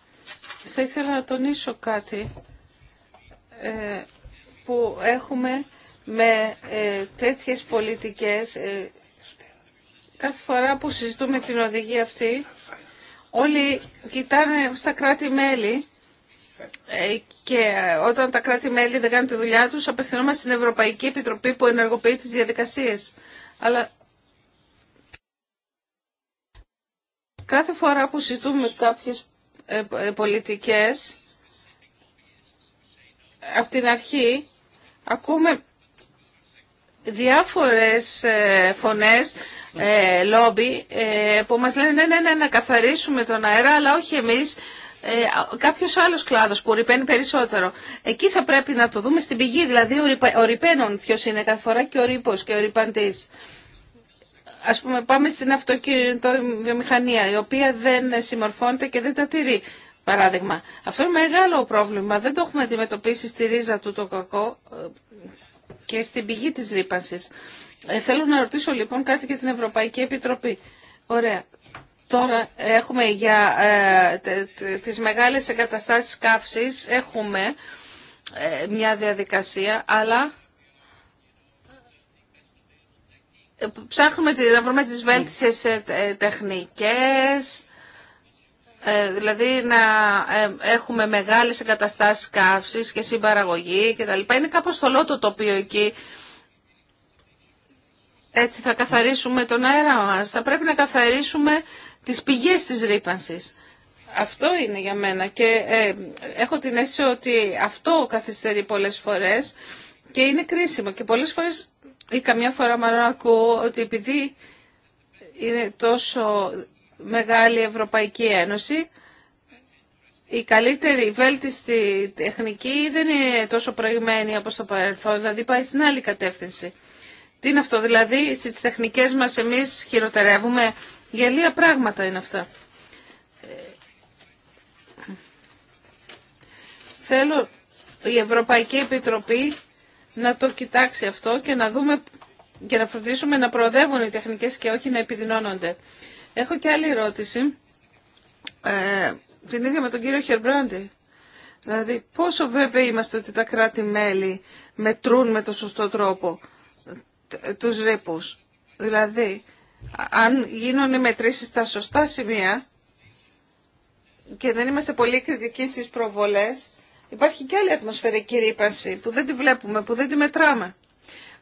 Θα ήθελα να τονίσω κάτι ε, που έχουμε με ε, τέτοιες πολιτικές ε, κάθε φορά που συζητούμε την οδηγία αυτή Όλοι κοιτάνε στα κράτη-μέλη ε, και όταν τα κράτη-μέλη δεν κάνουν τη δουλειά τους απευθυνόμαστε στην Ευρωπαϊκή Επιτροπή που ενεργοποιεί τις διαδικασίες. Αλλά κάθε φορά που συζητούμε κάποιες ε, ε, πολιτικές από την αρχή ακούμε διάφορες ε, φωνές, ε, λόμπι, ε, που μας λένε ναι, ναι, ναι, να καθαρίσουμε τον αέρα, αλλά όχι εμείς, κάποιος άλλος κλάδος που ρηπαίνει περισσότερο. Εκεί θα πρέπει να το δούμε στην πηγή, δηλαδή ο ρηπαίνων ποιος είναι κάθε φορά και ο ρήπος και ο ρηπαντής. Ας πούμε πάμε στην αυτοκινητοβιομηχανία, η οποία δεν συμμορφώνεται και δεν τα τηρεί. Παράδειγμα. Αυτό είναι μεγάλο πρόβλημα. Δεν το έχουμε αντιμετωπίσει στη ρίζα του το κακό και στην πηγή της ρήπανσης. Ε, θέλω να ρωτήσω λοιπόν κάτι για την Ευρωπαϊκή Επιτροπή. Ωραία. Τώρα έχουμε για ε, τις μεγάλες εγκαταστάσεις καύσης, έχουμε ε, μια διαδικασία, αλλά ψάχνουμε να βρούμε τις ναι. βέλτισες τεχνικές, ε, δηλαδή να ε, έχουμε μεγάλες εγκαταστάσεις καύσης και συμπαραγωγή και τα λοιπά. Είναι κάπως θολό το τοπίο εκεί. Έτσι θα καθαρίσουμε τον αέρα μας. Θα πρέπει να καθαρίσουμε τις πηγές της ρήπανσης. Αυτό είναι για μένα και ε, έχω την αίσθηση ότι αυτό καθυστερεί πολλές φορές και είναι κρίσιμο. Και πολλές φορές ή καμιά φορά μάλλον ακούω ότι επειδή είναι τόσο μεγάλη Ευρωπαϊκή Ένωση. Η καλύτερη, η βέλτιστη τεχνική δεν είναι τόσο προηγμένη όπως το παρελθόν, δηλαδή πάει στην άλλη κατεύθυνση. Τι είναι αυτό, δηλαδή στις τεχνικές μας εμείς χειροτερεύουμε, γελία πράγματα είναι αυτά. Θέλω η Ευρωπαϊκή Επιτροπή να το κοιτάξει αυτό και να δούμε και να φροντίσουμε να προοδεύουν οι τεχνικές και όχι να επιδεινώνονται. Έχω και άλλη ερώτηση, ε, την ίδια με τον κύριο Χερμπράντη. Δηλαδή, πόσο βέβαιοι είμαστε ότι τα κράτη-μέλη μετρούν με το σωστό τρόπο τους ρήπους. Δηλαδή, αν γίνουν οι μετρήσεις στα σωστά σημεία και δεν είμαστε πολύ κριτικοί στις προβολές, υπάρχει και άλλη ατμοσφαιρική ρήπανση που δεν τη βλέπουμε, που δεν τη μετράμε.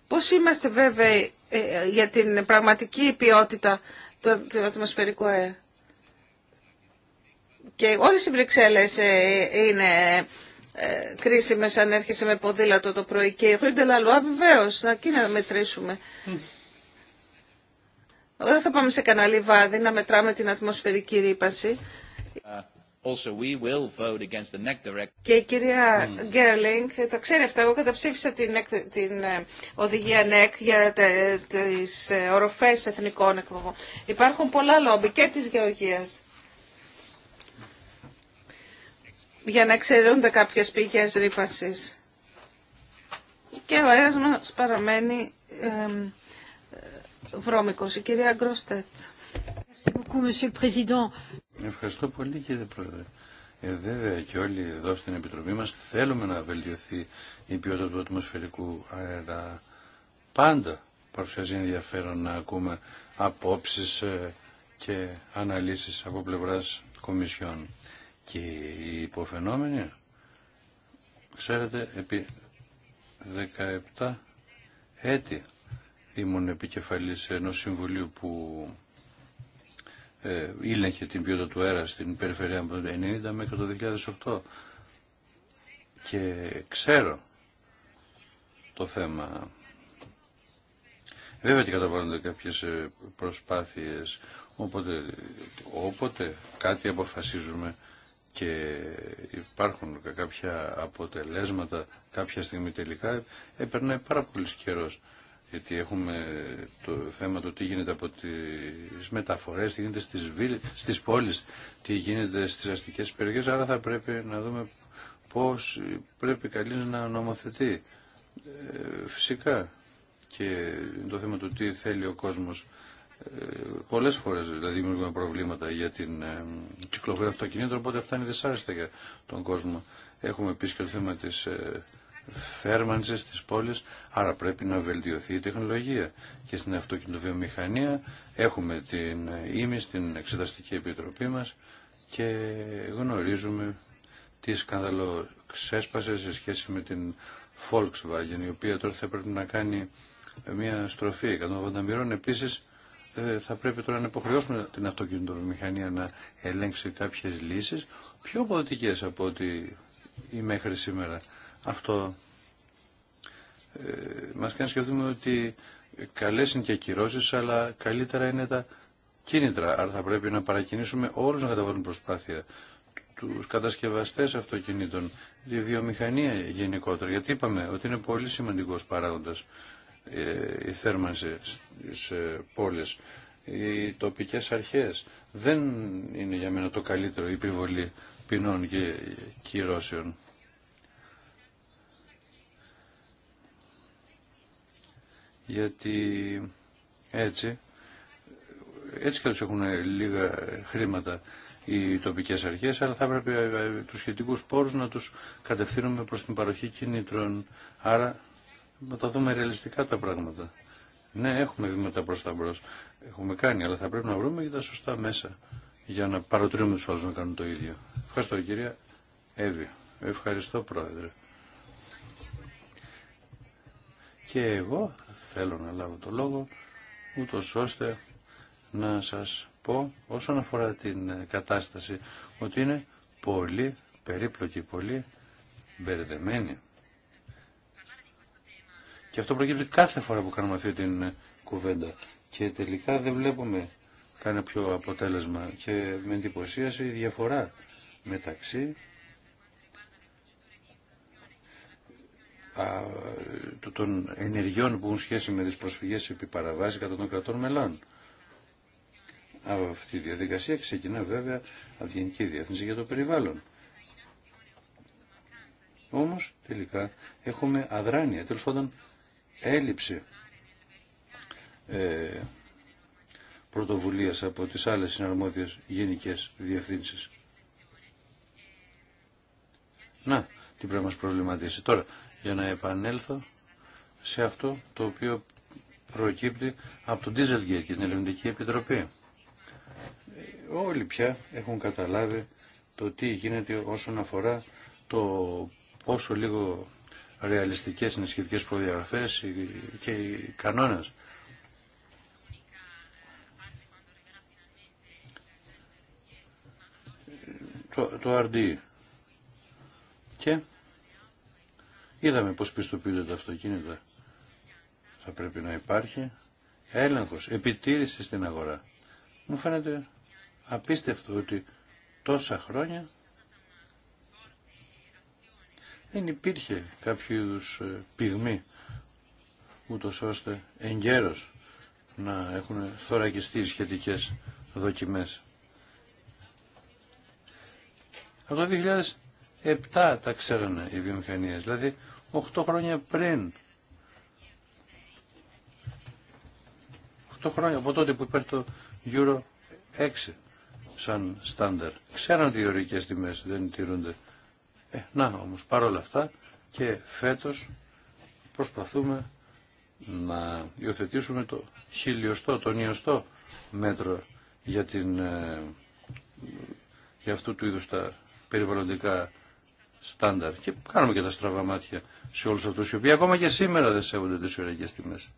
Πώς είμαστε βέβαιοι ε, ε, για την πραγματική ποιότητα το ατμοσφαιρικό αέρα. Και όλες οι Βρυξέλλες ε, είναι ε, κρίσιμες αν έρχεσαι με ποδήλατο το πρωί και η Χουίντελα βεβαίως, να εκεί να μετρήσουμε. Δεν θα πάμε σε κανάλι λιβάδι να μετράμε την ατμοσφαιρική ρήπαση. Also we will vote against the NEC direct... Και η κυρία Γκέρλινγκ τα ξέρει αυτά. Εγώ καταψήφισα την, την ε, οδηγία ΝΕΚ για τις ε, οροφές εθνικών εκδοχών. Υπάρχουν πολλά λόμπι και της γεωργίας. Για να εξαιρούνται κάποιες πηγές ρήπανσης. Και ο αέρα μας παραμένει ε, βρώμικος. Η κυρία Γκροστέτ. Ευχαριστώ πολύ κύριε Πρόεδρε. Ε, βέβαια και όλοι εδώ στην Επιτροπή μας θέλουμε να βελτιωθεί η ποιότητα του ατμοσφαιρικού αέρα. Πάντα παρουσιάζει ενδιαφέρον να ακούμε απόψεις ε, και αναλύσεις από πλευράς κομισιών. Και οι υποφαινόμενοι, ξέρετε, επί 17 έτη ήμουν επικεφαλής ενός συμβουλίου που ε, ήλεγχε την ποιότητα του αέρα στην περιφερειά από το 1990 μέχρι το 2008 και ξέρω το θέμα. Βέβαια ότι καταβάλλονται κάποιες ε, προσπάθειες, οπότε, όποτε κάτι αποφασίζουμε και υπάρχουν κάποια αποτελέσματα κάποια στιγμή τελικά, έπαιρνε ε, πάρα πολύ καιρός γιατί έχουμε το θέμα του τι γίνεται από τις μεταφορές, τι γίνεται στις, πόλεις, τι γίνεται στις αστικές περιοχές, άρα θα πρέπει να δούμε πώς πρέπει καλής να νομοθετεί. Ε, φυσικά και το θέμα του τι θέλει ο κόσμος. Ε, πολλές φορές δηλαδή δημιουργούμε προβλήματα για την ε, κυκλοφορία αυτοκινήτων, οπότε αυτά είναι δυσάρεστα για τον κόσμο. Έχουμε επίσης και το θέμα της ε, θέρμανσης τη πόλη. άρα πρέπει να βελτιωθεί η τεχνολογία. Και στην αυτοκινητοβιομηχανία έχουμε την ΙΜΗ στην Εξεταστική Επιτροπή μας και γνωρίζουμε τι σκάνδαλο ξέσπασε σε σχέση με την Volkswagen, η οποία τώρα θα πρέπει να κάνει μια στροφή 180 μοιρών. επίση ε, θα πρέπει τώρα να υποχρεώσουμε την αυτοκινητοβιομηχανία να ελέγξει κάποιες λύσεις πιο ποδοτικές από ό,τι ή μέχρι σήμερα. Αυτό ε, μας κάνει σκεφτούμε ότι καλές είναι και ακυρώσει, αλλά καλύτερα είναι τα κίνητρα. Άρα θα πρέπει να παρακινήσουμε όλους να καταβάλουν προσπάθεια. Τους κατασκευαστές αυτοκινήτων, τη βιομηχανία γενικότερα. Γιατί είπαμε ότι είναι πολύ σημαντικός παράγοντας ε, η θέρμανση στις πόλεις, οι τοπικές αρχές. Δεν είναι για μένα το καλύτερο η επιβολή ποινών και κυρώσεων. γιατί έτσι έτσι και έχουν λίγα χρήματα οι τοπικές αρχές, αλλά θα έπρεπε ε, ε, τους σχετικούς πόρους να τους κατευθύνουμε προς την παροχή κινήτρων. Άρα να τα δούμε ρεαλιστικά τα πράγματα. Ναι, έχουμε βήματα προς τα μπρος. Έχουμε κάνει, αλλά θα πρέπει να βρούμε και τα σωστά μέσα για να παροτρύνουμε τους άλλους να κάνουν το ίδιο. Ευχαριστώ κυρία Εύη. Ευχαριστώ πρόεδρε. Και εγώ θέλω να λάβω το λόγο, ούτω ώστε να σας πω όσον αφορά την κατάσταση ότι είναι πολύ περίπλοκη, πολύ μπερδεμένη. Και αυτό προκύπτει κάθε φορά που κάνουμε αυτή την κουβέντα. Και τελικά δεν βλέπουμε κανένα πιο αποτέλεσμα. Και με εντυπωσίαση η διαφορά μεταξύ των ενεργειών που έχουν σχέση με τις προσφυγές επί κατά των κρατών μελών. Αυτή η διαδικασία ξεκινά βέβαια από την Γενική Διεύθυνση για το Περιβάλλον. Όμως τελικά έχουμε αδράνεια, τέλος πάντων έλλειψη ε, πρωτοβουλίας από τις άλλες συναρμόδιες γενικές διευθύνσεις. Να, τι πρέπει να μας προβληματίσει. Τώρα, για να επανέλθω σε αυτό το οποίο προκύπτει από τον Dieselgate και την Ελληνική Επιτροπή. Όλοι πια έχουν καταλάβει το τι γίνεται όσον αφορά το πόσο λίγο ρεαλιστικές είναι οι σχετικές προδιαγραφές και οι κανόνες. Το, το Και Είδαμε πώς πιστοποιούνται τα αυτοκίνητα. Θα πρέπει να υπάρχει έλεγχος, επιτήρηση στην αγορά. Μου φαίνεται απίστευτο ότι τόσα χρόνια δεν υπήρχε κάποιο είδου ε, πυγμή ούτως ώστε εγκαίρως να έχουν θωρακιστεί οι σχετικές δοκιμές. Από το 2007 τα ξέρανε οι βιομηχανίες, δηλαδή 8 χρόνια πριν. 8 χρόνια από τότε που υπάρχει το Euro 6 σαν στάνταρ. Ξέραν ότι οι ορικές τιμές δεν τηρούνται. Ε, να όμως παρόλα αυτά και φέτος προσπαθούμε να υιοθετήσουμε το χιλιοστό, τον ιωστό μέτρο για, ε, για αυτού του είδους τα περιβαλλοντικά στάνταρ. Και κάνουμε και τα στραβά μάτια σε όλους αυτούς οι οποίοι ακόμα και σήμερα δεν σέβονται τις ωραϊκές τιμές.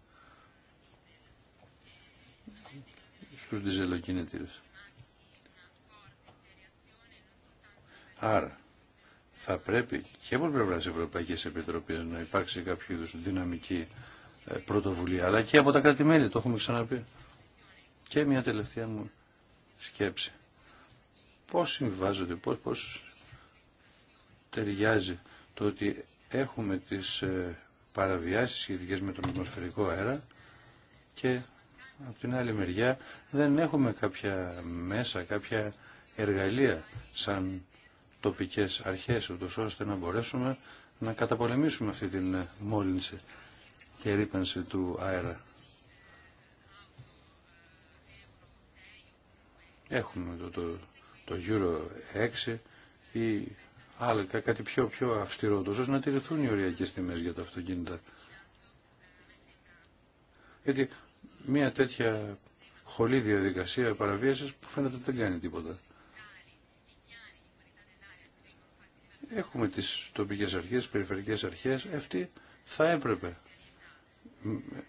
Στους διζελοκινητήρες. Άρα, θα πρέπει και από πλευρά τη Ευρωπαϊκή Επιτροπή να υπάρξει κάποιο είδου δυναμική ε, πρωτοβουλία, αλλά και από τα κράτη-μέλη, το έχουμε ξαναπεί. Και μια τελευταία μου σκέψη. Πώς συμβιβάζονται, πώς, πώς ταιριάζει το ότι έχουμε τις ε, παραβιάσεις σχετικέ με τον ατμοσφαιρικό αέρα και από την άλλη μεριά δεν έχουμε κάποια μέσα, κάποια εργαλεία σαν τοπικές αρχές ούτως ώστε να μπορέσουμε να καταπολεμήσουμε αυτή την ε, μόλυνση και ρήπανση του αέρα. Έχουμε το, το, το Euro 6 ή αλλά κάτι πιο, πιο αυστηρό, τόσο να τηρηθούν οι οριακέ τιμέ για τα αυτοκίνητα. Γιατί μια τέτοια χολή διαδικασία παραβίαση που φαίνεται ότι δεν κάνει τίποτα. Έχουμε τι τοπικές αρχές, τι περιφερειακές αρχές, αυτοί θα έπρεπε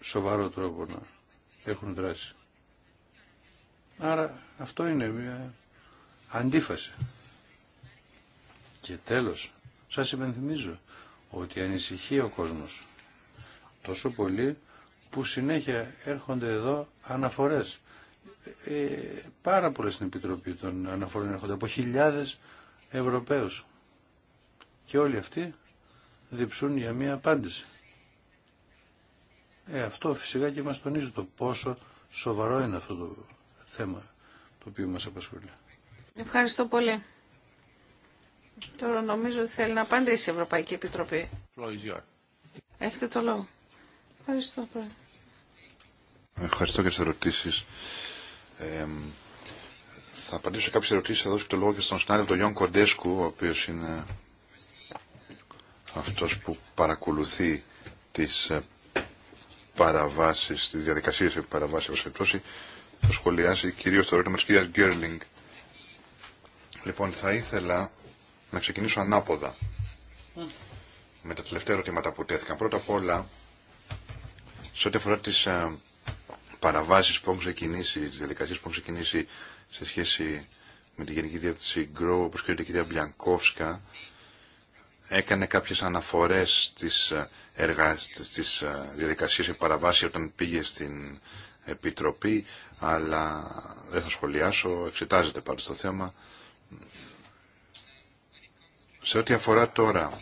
σοβαρό τρόπο να έχουν δράσει. Άρα αυτό είναι μια αντίφαση. Και τέλος, σας υπενθυμίζω ότι ανησυχεί ο κόσμος τόσο πολύ που συνέχεια έρχονται εδώ αναφορές. Ε, πάρα πολλές στην Επιτροπή των αναφορών έρχονται από χιλιάδες Ευρωπαίους. Και όλοι αυτοί διψούν για μία απάντηση. Ε, αυτό φυσικά και μας τονίζει το πόσο σοβαρό είναι αυτό το θέμα το οποίο μας απασχολεί. Ευχαριστώ πολύ. Τώρα νομίζω ότι θέλει να απαντήσει η Ευρωπαϊκή Επιτροπή. Έχετε το λόγο. Ευχαριστώ, Πρόεδρε. Ευχαριστώ για τι ερωτήσει. Ε, θα απαντήσω σε κάποιε ερωτήσει. Θα δώσω το λόγο και στον συνάδελφο Γιόν Κοντέσκου, ο οποίο είναι αυτό που παρακολουθεί τι ε, παραβάσει, τι διαδικασίε επί παραβάσει, θα σχολιάσει κυρίω το ερώτημα τη κυρία Γκέρλινγκ. Λοιπόν, θα ήθελα να ξεκινήσω ανάποδα με τα τελευταία ερωτήματα που τέθηκαν. Πρώτα απ' όλα, σε ό,τι αφορά τι ε, παραβάσει που έχουν ξεκινήσει, τι διαδικασίε που έχουν ξεκινήσει σε σχέση με τη Γενική Διεύθυνση Grow, όπω ξέρετε η κυρία Μπιανκόφσκα, έκανε κάποιε αναφορέ, στι διαδικασίε στις ε, ε, διαδικασίες και παραβάσεις όταν πήγε στην Επιτροπή, αλλά δεν θα σχολιάσω, εξετάζεται πάντως το θέμα. Σε ό,τι αφορά τώρα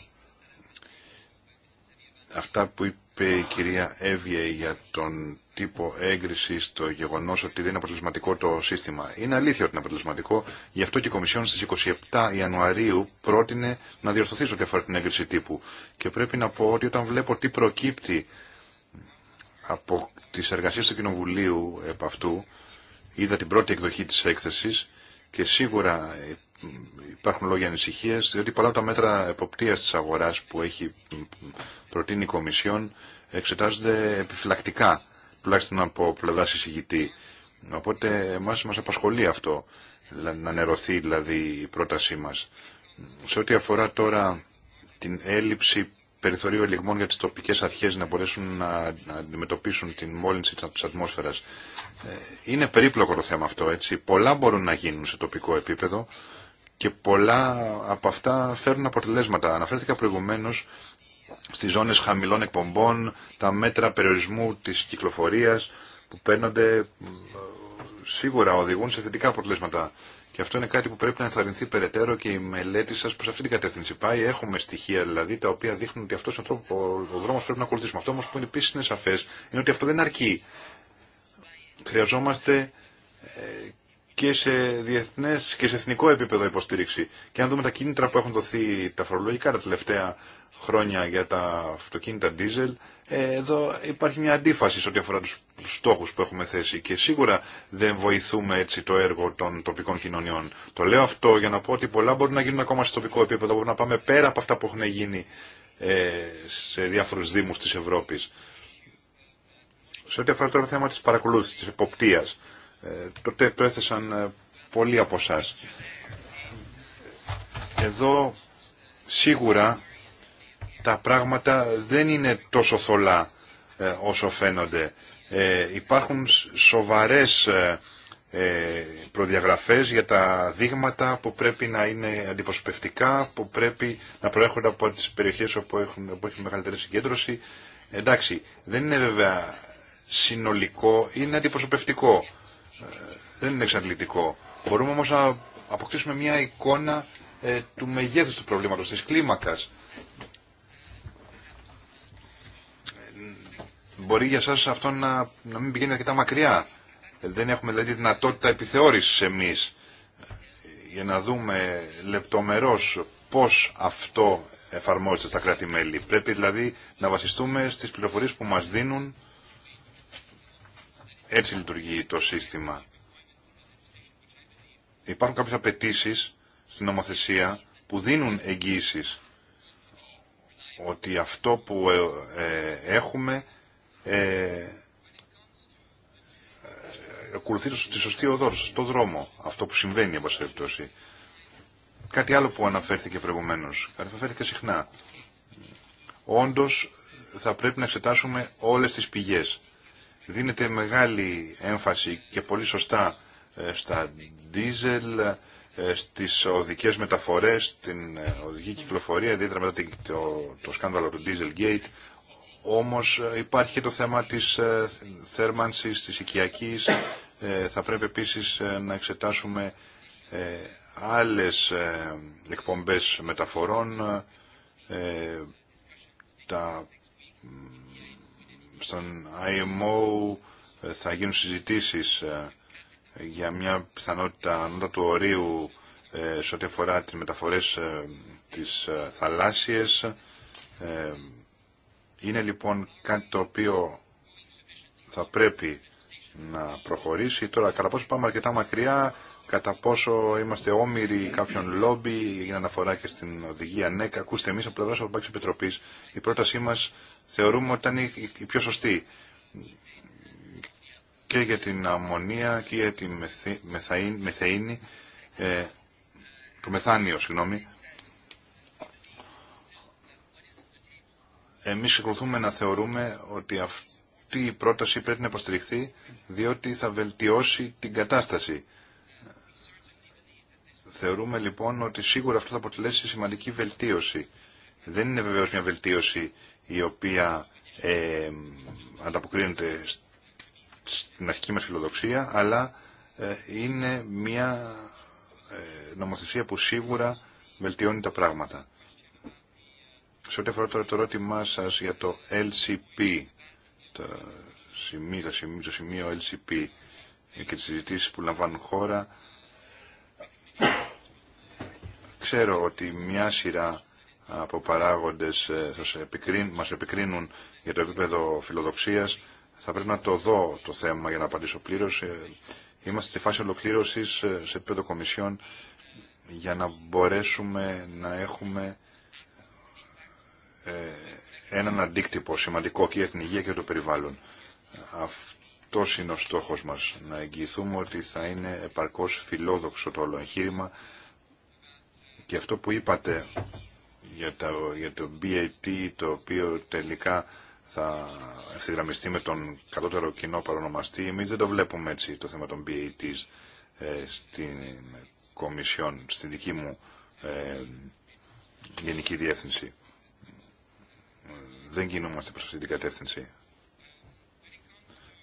αυτά που είπε η κυρία Εύγε για τον τύπο έγκριση το γεγονό ότι δεν είναι αποτελεσματικό το σύστημα. Είναι αλήθεια ότι είναι αποτελεσματικό. Γι' αυτό και η Κομισιόν στι 27 Ιανουαρίου πρότεινε να διορθωθεί σε ό,τι αφορά την έγκριση τύπου. Και πρέπει να πω ότι όταν βλέπω τι προκύπτει από τι εργασίε του Κοινοβουλίου επ' αυτού, είδα την πρώτη εκδοχή τη έκθεση και σίγουρα υπάρχουν λόγια ανησυχία, διότι πολλά από τα μέτρα εποπτεία τη αγορά που έχει προτείνει η Κομισιόν εξετάζονται επιφυλακτικά, τουλάχιστον από πλευρά εισηγητή. Οπότε εμά μα απασχολεί αυτό, να νερωθεί δηλαδή η πρότασή μα. Σε ό,τι αφορά τώρα την έλλειψη περιθωρίου ελιγμών για τις τοπικές αρχές να μπορέσουν να αντιμετωπίσουν την μόλυνση τη ατμόσφαιρας. Ε, είναι περίπλοκο το θέμα αυτό, έτσι. Πολλά μπορούν να γίνουν σε τοπικό επίπεδο και πολλά από αυτά φέρνουν αποτελέσματα. Αναφέρθηκα προηγουμένως στις ζώνες χαμηλών εκπομπών, τα μέτρα περιορισμού της κυκλοφορίας που παίρνονται σίγουρα οδηγούν σε θετικά αποτελέσματα. Και αυτό είναι κάτι που πρέπει να ενθαρρυνθεί περαιτέρω και η μελέτη σα προ αυτήν την κατεύθυνση πάει. Έχουμε στοιχεία δηλαδή τα οποία δείχνουν ότι αυτό ο, ο δρόμο πρέπει να ακολουθήσουμε. Αυτό όμω που είναι επίση είναι σαφέ είναι ότι αυτό δεν αρκεί. Χρειαζόμαστε ε, και σε διεθνές και σε εθνικό επίπεδο υποστήριξη. Και αν δούμε τα κίνητρα που έχουν δοθεί τα φορολογικά τα τελευταία χρόνια για τα αυτοκίνητα diesel, ε, εδώ υπάρχει μια αντίφαση σε ό,τι αφορά τους στόχους που έχουμε θέσει και σίγουρα δεν βοηθούμε έτσι το έργο των τοπικών κοινωνιών. Το λέω αυτό για να πω ότι πολλά μπορούν να γίνουν ακόμα σε τοπικό επίπεδο, μπορούμε να πάμε πέρα από αυτά που έχουν γίνει ε, σε διάφορους δήμους της Ευρώπης. Σε ό,τι αφορά τώρα το θέμα της παρακολούθηση τη εποπτείας, ε, τότε το έθεσαν ε, πολλοί από εσά. Εδώ σίγουρα τα πράγματα δεν είναι τόσο θολά ε, όσο φαίνονται. υπάρχουν σοβαρές ε, προδιαγραφές για τα δείγματα που πρέπει να είναι αντιπροσωπευτικά, που πρέπει να προέρχονται από τις περιοχές όπου, έχουν, έχει μεγαλύτερη συγκέντρωση. Εντάξει, δεν είναι βέβαια συνολικό, είναι αντιπροσωπευτικό δεν είναι εξαντλητικό. Μπορούμε όμως να αποκτήσουμε μια εικόνα ε, του μεγέθους του προβλήματος, της κλίμακας. Μπορεί για σας αυτό να, να μην πηγαίνει αρκετά μακριά. Δεν έχουμε δηλαδή δυνατότητα επιθεώρησης εμείς για να δούμε λεπτομερώς πώς αυτό εφαρμόζεται στα κράτη-μέλη. Πρέπει δηλαδή να βασιστούμε στις πληροφορίες που μας δίνουν. Έτσι λειτουργεί το σύστημα υπάρχουν κάποιες απαιτήσει στην νομοθεσία που δίνουν εγγύησει ότι αυτό που ε, ε, έχουμε ε, ακολουθεί τη σωστή οδό, στον δρόμο, αυτό που συμβαίνει, εν πάση Κάτι άλλο που αναφέρθηκε προηγουμένω, αναφέρθηκε συχνά. Όντω, θα πρέπει να εξετάσουμε όλε τι πηγέ. Δίνεται μεγάλη έμφαση και πολύ σωστά στα δίζελ, στις οδικές μεταφορές, στην ε, οδική κυκλοφορία, ιδιαίτερα μετά το, το σκάνδαλο του Dieselgate. Όμως ε, υπάρχει και το θέμα της ε, θέρμανσης, της οικιακής. Θα πρέπει επίσης να εξετάσουμε άλλες εκπομπές μεταφορών, τα, στον IMO θα γίνουν συζητήσεις για μια πιθανότητα ανώτατου ορίου ε, σε ό,τι αφορά τις μεταφορές ε, τις ε, θαλάσσιες. Ε, είναι λοιπόν κάτι το οποίο θα πρέπει να προχωρήσει. Τώρα, κατά πόσο πάμε αρκετά μακριά, κατά πόσο είμαστε όμοιροι κάποιων λόμπι, για αναφορά και στην οδηγία ΝΕΚ, ακούστε εμείς από πλευράς Ευρωπαϊκής Επιτροπής, η πρότασή μας θεωρούμε ότι ήταν η, η πιο σωστή και για την αμμονία και για τη μεθαΐνη, ε, το μεθάνιο, συγγνώμη. Εμείς συγκροθούμε να θεωρούμε ότι αυτή η πρόταση πρέπει να υποστηριχθεί διότι θα βελτιώσει την κατάσταση. Θεωρούμε λοιπόν ότι σίγουρα αυτό θα αποτελέσει σημαντική βελτίωση. Δεν είναι βεβαίως μια βελτίωση η οποία ε, ανταποκρίνεται στην αρχική μας φιλοδοξία, αλλά ε, είναι μια ε, νομοθεσία που σίγουρα βελτιώνει τα πράγματα. Σε ό,τι αφορά τώρα το ερώτημά σας για το LCP, το σημείο, το σημείο, το σημείο LCP και τις συζητήσεις που λαμβάνουν χώρα, ξέρω ότι μια σειρά από παράγοντες μα ε, επικρίνουν, μας επικρίνουν για το επίπεδο φιλοδοξίας θα πρέπει να το δω το θέμα για να απαντήσω πλήρω. Ε, είμαστε στη φάση ολοκλήρωση ε, σε επίπεδο κομισιών για να μπορέσουμε να έχουμε ε, έναν αντίκτυπο σημαντικό και για την υγεία και το περιβάλλον. Αυτό είναι ο στόχος μας, να εγγυηθούμε ότι θα είναι επαρκώς φιλόδοξο το όλο εγχείρημα και αυτό που είπατε για το BAT, το οποίο τελικά θα ευθυγραμμιστεί με τον κατώτερο κοινό παρονομαστή. Εμεί δεν το βλέπουμε έτσι το θέμα των BAT ε, στην ε, Κομισιόν, στην δική μου ε, γενική διεύθυνση. Δεν κινούμαστε προς αυτή την κατεύθυνση.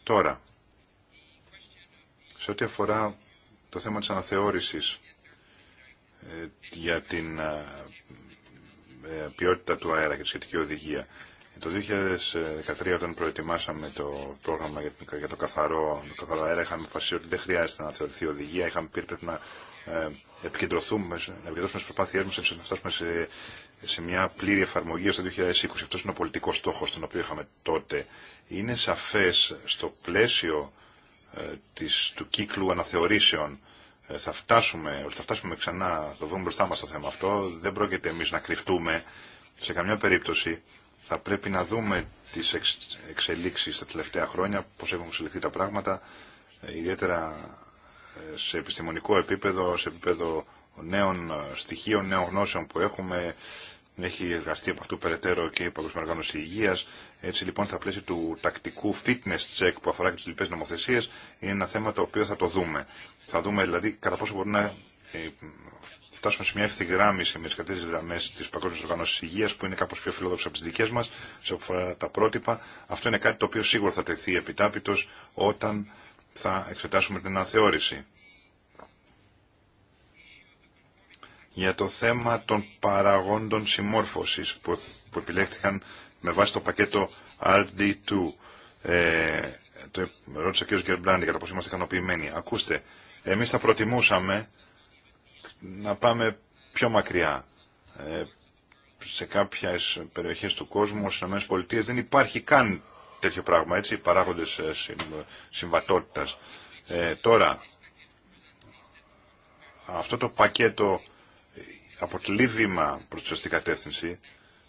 Τώρα, σε ό,τι αφορά το θέμα της αναθεώρησης για την ποιότητα του αέρα και τη σχετική οδηγία, το 2013 όταν προετοιμάσαμε το πρόγραμμα για το καθαρό, το καθαρό αέρα είχαμε αποφασίσει ότι δεν χρειάζεται να θεωρηθεί οδηγία. Είχαμε πει πρέπει να ε, επικεντρωθούμε, να επικεντρώσουμε στις προσπάθειές μας να φτάσουμε σε, σε μια πλήρη εφαρμογή το 2020. Αυτός είναι ο πολιτικός στόχος τον οποίο είχαμε τότε. Είναι σαφές στο πλαίσιο ε, της, του κύκλου αναθεωρήσεων ε, θα φτάσουμε, θα φτάσουμε ξανά, θα το βρούμε μπροστά μας το θέμα αυτό. Δεν πρόκειται εμείς να κρυφτούμε σε καμιά περίπτωση θα πρέπει να δούμε τις εξ, εξελίξεις τα τελευταία χρόνια, πώς έχουν εξελιχθεί τα πράγματα, ε, ιδιαίτερα ε, σε επιστημονικό επίπεδο, σε επίπεδο νέων ε, στοιχείων, νέων γνώσεων που έχουμε. Έχει εργαστεί από αυτού περαιτέρω και η Παγκόσμια Οργάνωση Υγεία. Έτσι λοιπόν, στα πλαίσια του τακτικού fitness check που αφορά και τι λοιπέ νομοθεσίε, είναι ένα θέμα το οποίο θα το δούμε. Θα δούμε δηλαδή κατά πόσο μπορεί να φτάσουμε σε μια ευθυγράμμιση με τι κατευθύνσει γραμμέ τη Παγκόσμια Οργάνωση Υγεία, που είναι κάπω πιο φιλόδοξα από τι δικέ μα, σε αφορά τα πρότυπα. Αυτό είναι κάτι το οποίο σίγουρα θα τεθεί επιτάπητο όταν θα εξετάσουμε την αναθεώρηση. Για το θέμα των παραγόντων συμμόρφωση που, που επιλέχθηκαν με βάση το πακέτο RD2. Ε, το ρώτησε ο κ. για το πώς είμαστε ικανοποιημένοι. Ακούστε, εμεί θα προτιμούσαμε να πάμε πιο μακριά. Ε, σε κάποιες περιοχές του κόσμου, στις ΗΠΑ δεν υπάρχει καν τέτοιο πράγμα, έτσι, παράγοντες ε, συμβατότητας. Ε, τώρα, αυτό το πακέτο ε, αποτελεί βήμα προς τη σωστή κατεύθυνση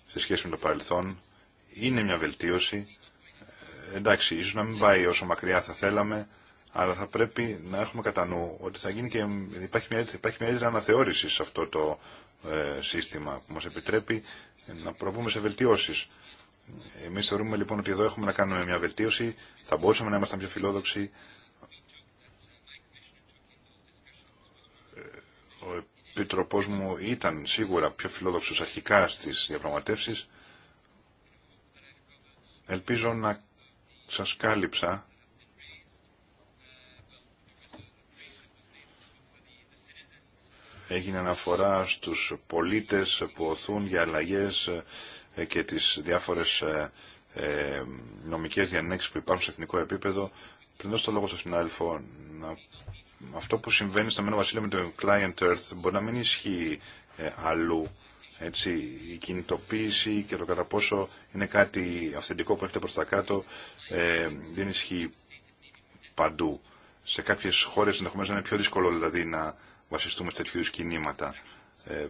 σε σχέση με το παρελθόν. Είναι μια βελτίωση. εντάξει, ίσως να μην πάει όσο μακριά θα θέλαμε, αλλά θα πρέπει να έχουμε κατά νου ότι θα γίνει και υπάρχει μια, υπάρχει μια έδρα σε αυτό το ε, σύστημα που μας επιτρέπει να προβούμε σε βελτιώσεις. Εμείς θεωρούμε λοιπόν ότι εδώ έχουμε να κάνουμε μια βελτίωση, θα μπορούσαμε να ήμασταν πιο φιλόδοξοι. Ο Επιτροπός μου ήταν σίγουρα πιο φιλόδοξος αρχικά στις διαπραγματεύσεις. Ελπίζω να σας κάλυψα έγινε αναφορά στους πολίτες που οθούν για αλλαγές ε, και τις διάφορες ε, ε, νομικές διανέξεις που υπάρχουν σε εθνικό επίπεδο. Πριν δώσω το λόγο στον συνάδελφο, αυτό που συμβαίνει στο Μένο Βασίλειο με το Client Earth μπορεί να μην ισχύει αλλού. Έτσι, η κινητοποίηση και το κατά πόσο είναι κάτι αυθεντικό που έρχεται προς τα κάτω δεν ισχύει παντού. Σε κάποιες χώρες ενδεχομένως είναι πιο δύσκολο δηλαδή να βασιστούμε σε τέτοιου κινήματα. Ε,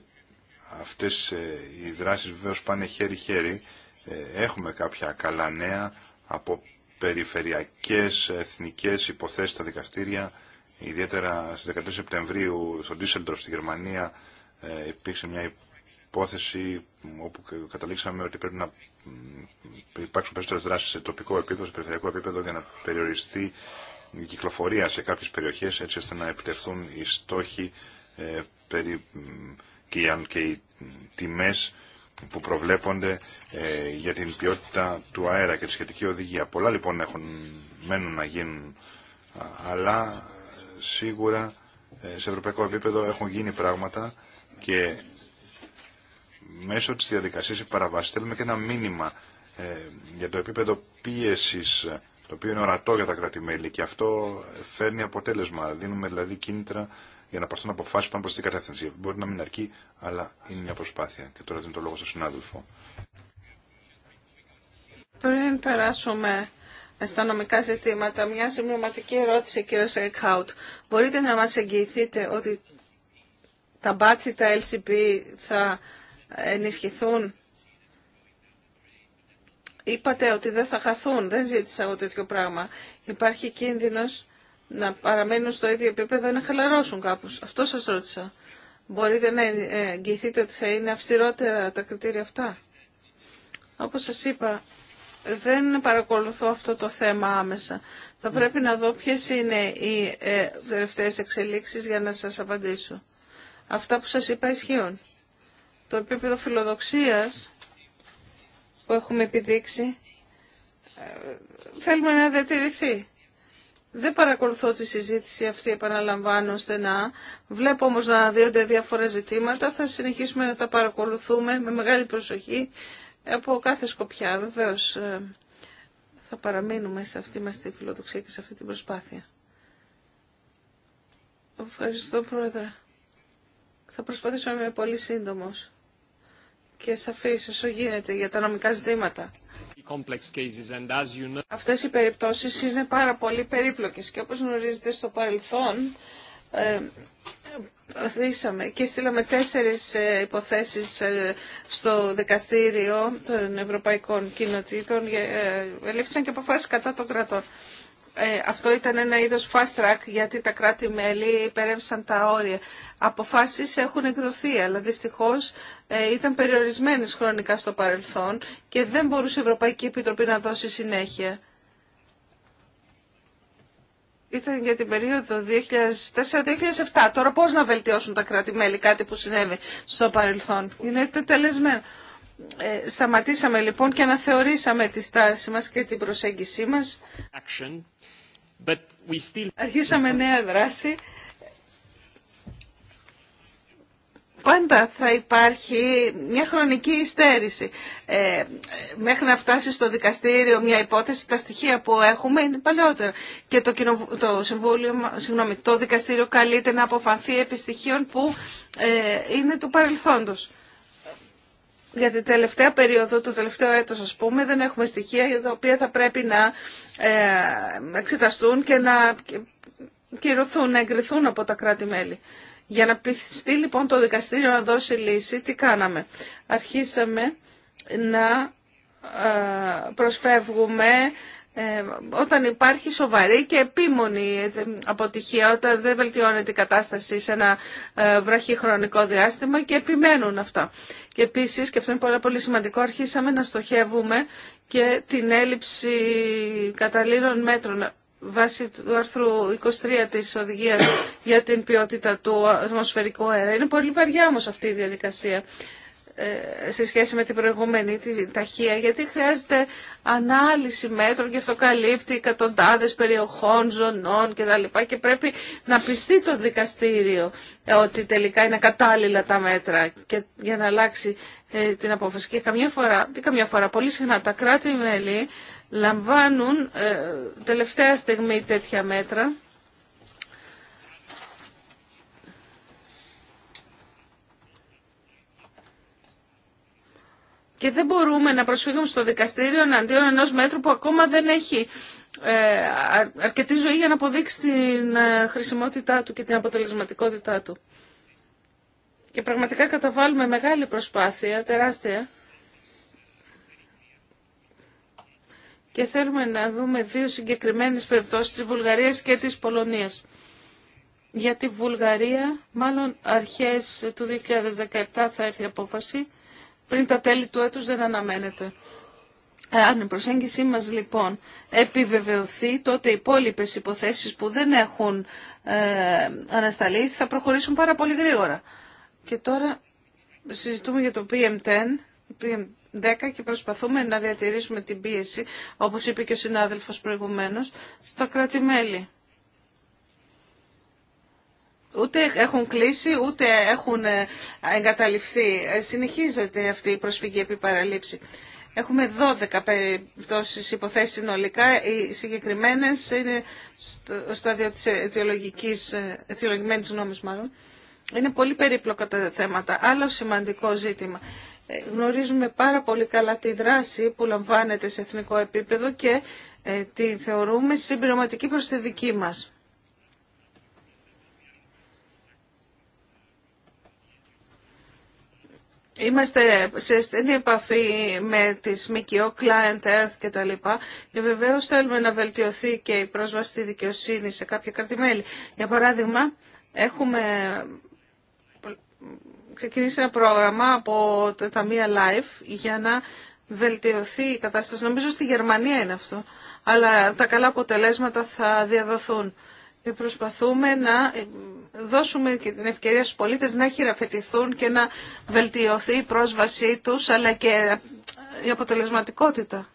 αυτές ε, οι δράσεις βεβαίως πάνε χέρι-χέρι. Ε, έχουμε κάποια καλά νέα από περιφερειακές, εθνικές υποθέσεις στα δικαστήρια. Ιδιαίτερα στις 14 Σεπτεμβρίου στο Ντίσσελντροφ στη Γερμανία ε, υπήρξε μια υπόθεση όπου καταλήξαμε ότι πρέπει να υπάρξουν περισσότερες δράσεις σε τοπικό επίπεδο, σε περιφερειακό επίπεδο για να περιοριστεί κυκλοφορία σε κάποιες περιοχές έτσι ώστε να επιτευχθούν οι στόχοι ε, περί, και, και οι τιμές που προβλέπονται ε, για την ποιότητα του αέρα και τη σχετική οδηγία. Πολλά λοιπόν έχουν, μένουν να γίνουν, αλλά σίγουρα ε, σε ευρωπαϊκό επίπεδο έχουν γίνει πράγματα και μέσω της διαδικασίας παραβάσης θέλουμε και ένα μήνυμα για το επίπεδο πίεσης το οποίο είναι ορατό για τα κράτη-μέλη και αυτό φέρνει αποτέλεσμα. Δίνουμε δηλαδή κίνητρα για να παρθούν αποφάσει πάνω προ την κατεύθυνση. Μπορεί να μην αρκεί, αλλά είναι μια προσπάθεια. Και τώρα δίνω το λόγο στον συνάδελφο. Πριν περάσουμε στα νομικά ζητήματα, μια συμπληρωματική ερώτηση, κύριο Σεκχάουτ. Μπορείτε να μας εγγυηθείτε ότι τα μπάτσι, τα LCP θα ενισχυθούν Είπατε ότι δεν θα χαθούν, δεν ζήτησα εγώ τέτοιο πράγμα. Υπάρχει κίνδυνος να παραμένουν στο ίδιο επίπεδο ή να χαλαρώσουν κάπω. Αυτό σας ρώτησα. Μπορείτε να εγγυηθείτε ότι θα είναι αυστηρότερα τα κριτήρια αυτά. Όπως σας είπα, δεν παρακολουθώ αυτό το θέμα άμεσα. Θα πρέπει να δω ποιες είναι οι ε, τελευταίες εξελίξεις για να σας απαντήσω. Αυτά που σας είπα ισχύουν. Το επίπεδο φιλοδοξίας που έχουμε επιδείξει ε, θέλουμε να διατηρηθεί. Δεν παρακολουθώ τη συζήτηση αυτή, επαναλαμβάνω στενά. Βλέπω όμως να διονται διάφορα ζητήματα. Θα συνεχίσουμε να τα παρακολουθούμε με μεγάλη προσοχή από κάθε σκοπιά. Βεβαίως ε, θα παραμείνουμε σε αυτή μας τη φιλοδοξία και σε αυτή την προσπάθεια. Ευχαριστώ Πρόεδρε. Θα προσπαθήσω να είμαι πολύ σύντομος και σαφής όσο γίνεται για τα νομικά ζητήματα. Αυτές οι περιπτώσεις είναι πάρα πολύ περίπλοκες και όπως γνωρίζετε στο παρελθόν ε, και στείλαμε τέσσερις ε, υποθέσεις ε, στο δικαστήριο των Ευρωπαϊκών Κοινοτήτων. Ε, ελήφθησαν και αποφάσεις κατά των κρατών. Ε, αυτό ήταν ένα είδος fast track γιατί τα κράτη-μέλη υπερεύσαν τα όρια. Αποφάσεις έχουν εκδοθεί, αλλά δυστυχώς ε, ήταν περιορισμένες χρονικά στο παρελθόν και δεν μπορούσε η Ευρωπαϊκή Επιτροπή να δώσει συνέχεια. Ήταν για την περίοδο 2004-2007. Τώρα πώς να βελτιώσουν τα κράτη-μέλη κάτι που συνέβη στο παρελθόν. Είναι τελεσμένο. Ε, σταματήσαμε λοιπόν και αναθεωρήσαμε τη στάση μας και την προσέγγισή μας. Αρχίσαμε νέα δράση. Πάντα θα υπάρχει μια χρονική υστέρηση. Ε, μέχρι να φτάσει στο δικαστήριο μια υπόθεση, τα στοιχεία που έχουμε είναι παλαιότερα. Και το, συμβούλιο, συγγνώμη, το δικαστήριο καλείται να αποφανθεί επί που ε, είναι του παρελθόντος για την τελευταία περίοδο, το τελευταίο έτος ας πούμε, δεν έχουμε στοιχεία για τα οποία θα πρέπει να ε, εξεταστούν και να κυρωθούν, να εγκριθούν από τα κράτη-μέλη. Για να πιστεί λοιπόν το δικαστήριο να δώσει λύση, τι κάναμε. Αρχίσαμε να ε, προσφεύγουμε ε, όταν υπάρχει σοβαρή και επίμονη ε, αποτυχία, όταν δεν βελτιώνεται η κατάσταση σε ένα ε, βραχή διάστημα και επιμένουν αυτά. Και επίσης, και αυτό είναι πολύ σημαντικό, αρχίσαμε να στοχεύουμε και την έλλειψη καταλήλων μέτρων βάσει του άρθρου 23 της Οδηγίας για την ποιότητα του ατμοσφαιρικού αέρα. Είναι πολύ βαριά όμως αυτή η διαδικασία. Ε, σε σχέση με την προηγούμενη ταχεία, γιατί χρειάζεται ανάλυση μέτρων και αυτό καλύπτει εκατοντάδες περιοχών, ζωνών λοιπά Και πρέπει να πιστεί το δικαστήριο ότι τελικά είναι κατάλληλα τα μέτρα και για να αλλάξει ε, την απόφαση. Και καμιά φορά, και καμιά φορά πολύ συχνά τα κράτη-μέλη λαμβάνουν ε, τελευταία στιγμή τέτοια μέτρα Και δεν μπορούμε να προσφύγουμε στο δικαστήριο εναντίον ενός μέτρου που ακόμα δεν έχει ε, αρκετή ζωή για να αποδείξει την ε, χρησιμότητά του και την αποτελεσματικότητά του. Και πραγματικά καταβάλουμε μεγάλη προσπάθεια, τεράστια. Και θέλουμε να δούμε δύο συγκεκριμένες περιπτώσεις της Βουλγαρίας και της Πολωνίας. Για τη Βουλγαρία, μάλλον αρχές του 2017 θα έρθει η απόφαση πριν τα τέλη του έτους δεν αναμένεται. Ε, αν η προσέγγιση μας λοιπόν επιβεβαιωθεί, τότε οι υπόλοιπε υποθέσεις που δεν έχουν ε, ανασταλεί θα προχωρήσουν πάρα πολύ γρήγορα. Και τώρα συζητούμε για το PM10, PM10 και προσπαθούμε να διατηρήσουμε την πίεση, όπως είπε και ο συνάδελφος προηγουμένως, στα κράτη-μέλη. Ούτε έχουν κλείσει, ούτε έχουν ε, εγκαταληφθεί. Ε, συνεχίζεται αυτή η προσφυγή επί παραλήψη. Έχουμε 12 περιπτώσεις υποθέσεις συνολικά. Οι συγκεκριμένες είναι στο στάδιο της αιτιολογικής, ε, αιτιολογημένης μάλλον. Είναι πολύ περίπλοκα τα θέματα. Άλλο σημαντικό ζήτημα. Γνωρίζουμε πάρα πολύ καλά τη δράση που λαμβάνεται σε εθνικό επίπεδο και τη θεωρούμε συμπληρωματική προς τη δική μας. Είμαστε σε στενή επαφή με τις ΜΚΟ, Client Earth και και βεβαίως θέλουμε να βελτιωθεί και η πρόσβαση στη δικαιοσύνη σε κάποια κρατημέλη. Για παράδειγμα, έχουμε ξεκινήσει ένα πρόγραμμα από τα Ταμεία Life για να βελτιωθεί η κατάσταση. Νομίζω στη Γερμανία είναι αυτό, αλλά τα καλά αποτελέσματα θα διαδοθούν προσπαθούμε να ε, δώσουμε και την ευκαιρία στους πολίτες να χειραφετηθούν και να βελτιωθεί η πρόσβασή τους αλλά και ε, η αποτελεσματικότητα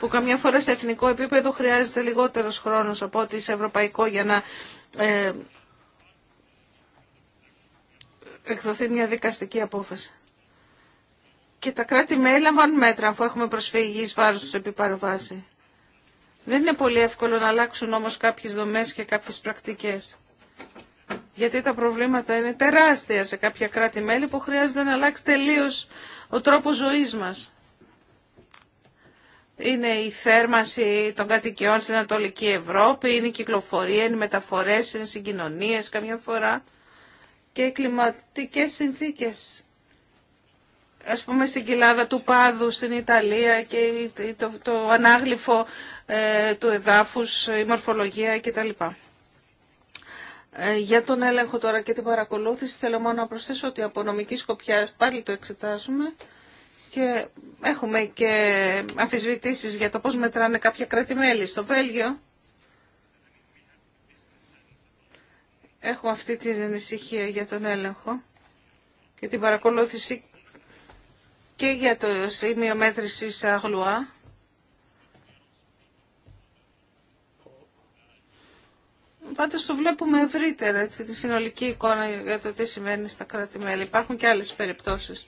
που καμιά φορά σε εθνικό επίπεδο χρειάζεται λιγότερος χρόνος από ό,τι σε ευρωπαϊκό για να ε, εκδοθεί μια δικαστική απόφαση. Και τα κρατη με έλαβαν μέτρα αφού έχουμε προσφυγή εις βάρος τους επί δεν είναι πολύ εύκολο να αλλάξουν όμως κάποιες δομές και κάποιες πρακτικές. Γιατί τα προβλήματα είναι τεράστια σε κάποια κράτη-μέλη που χρειάζεται να αλλάξει τελείω ο τρόπος ζωής μας. Είναι η θέρμανση των κατοικιών στην Ανατολική Ευρώπη, είναι η κυκλοφορία, είναι οι μεταφορές, είναι συγκοινωνίες καμιά φορά και οι κλιματικές συνθήκες ας πούμε στην κοιλάδα του Πάδου στην Ιταλία και το, το ανάγλυφο ε, του εδάφους, η μορφολογία κτλ. Ε, για τον έλεγχο τώρα και την παρακολούθηση θέλω μόνο να προσθέσω ότι από νομική σκοπιά πάλι το εξετάζουμε και έχουμε και αμφισβητήσεις για το πώς μετράνε κάποια κράτη-μέλη. Στο Βέλγιο έχουμε αυτή την ανησυχία για τον έλεγχο και την παρακολούθηση και για το σημείο μέτρησης αγλουά. Πάντως το βλέπουμε ευρύτερα, έτσι, τη συνολική εικόνα για το τι σημαίνει στα κράτη-μέλη. Υπάρχουν και άλλες περιπτώσεις.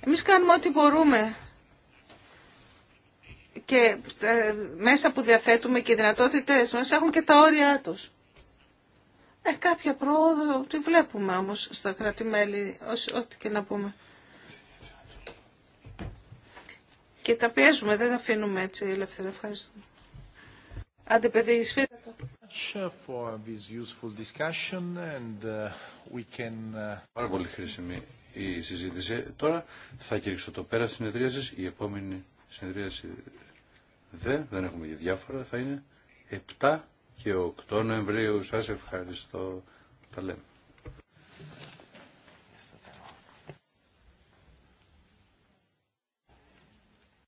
Εμείς κάνουμε ό,τι μπορούμε και ε, μέσα που διαθέτουμε και οι δυνατότητες μας έχουν και τα όρια τους. Ε, κάποια πρόοδο τη βλέπουμε όμως στα κράτη-μέλη, ό,τι και να πούμε. και τα πιέζουμε, δεν τα αφήνουμε έτσι ελεύθερα. Ευχαριστώ. Άντε παιδί, σφύρα το. Uh, uh, Πάρα πολύ χρήσιμη η συζήτηση. Τώρα θα κηρύξω το πέρα συνεδρίαση. Η επόμενη συνεδρίαση δε, δεν έχουμε και διάφορα, θα είναι 7 και 8 Νοεμβρίου. Σας ευχαριστώ. Τα λέμε.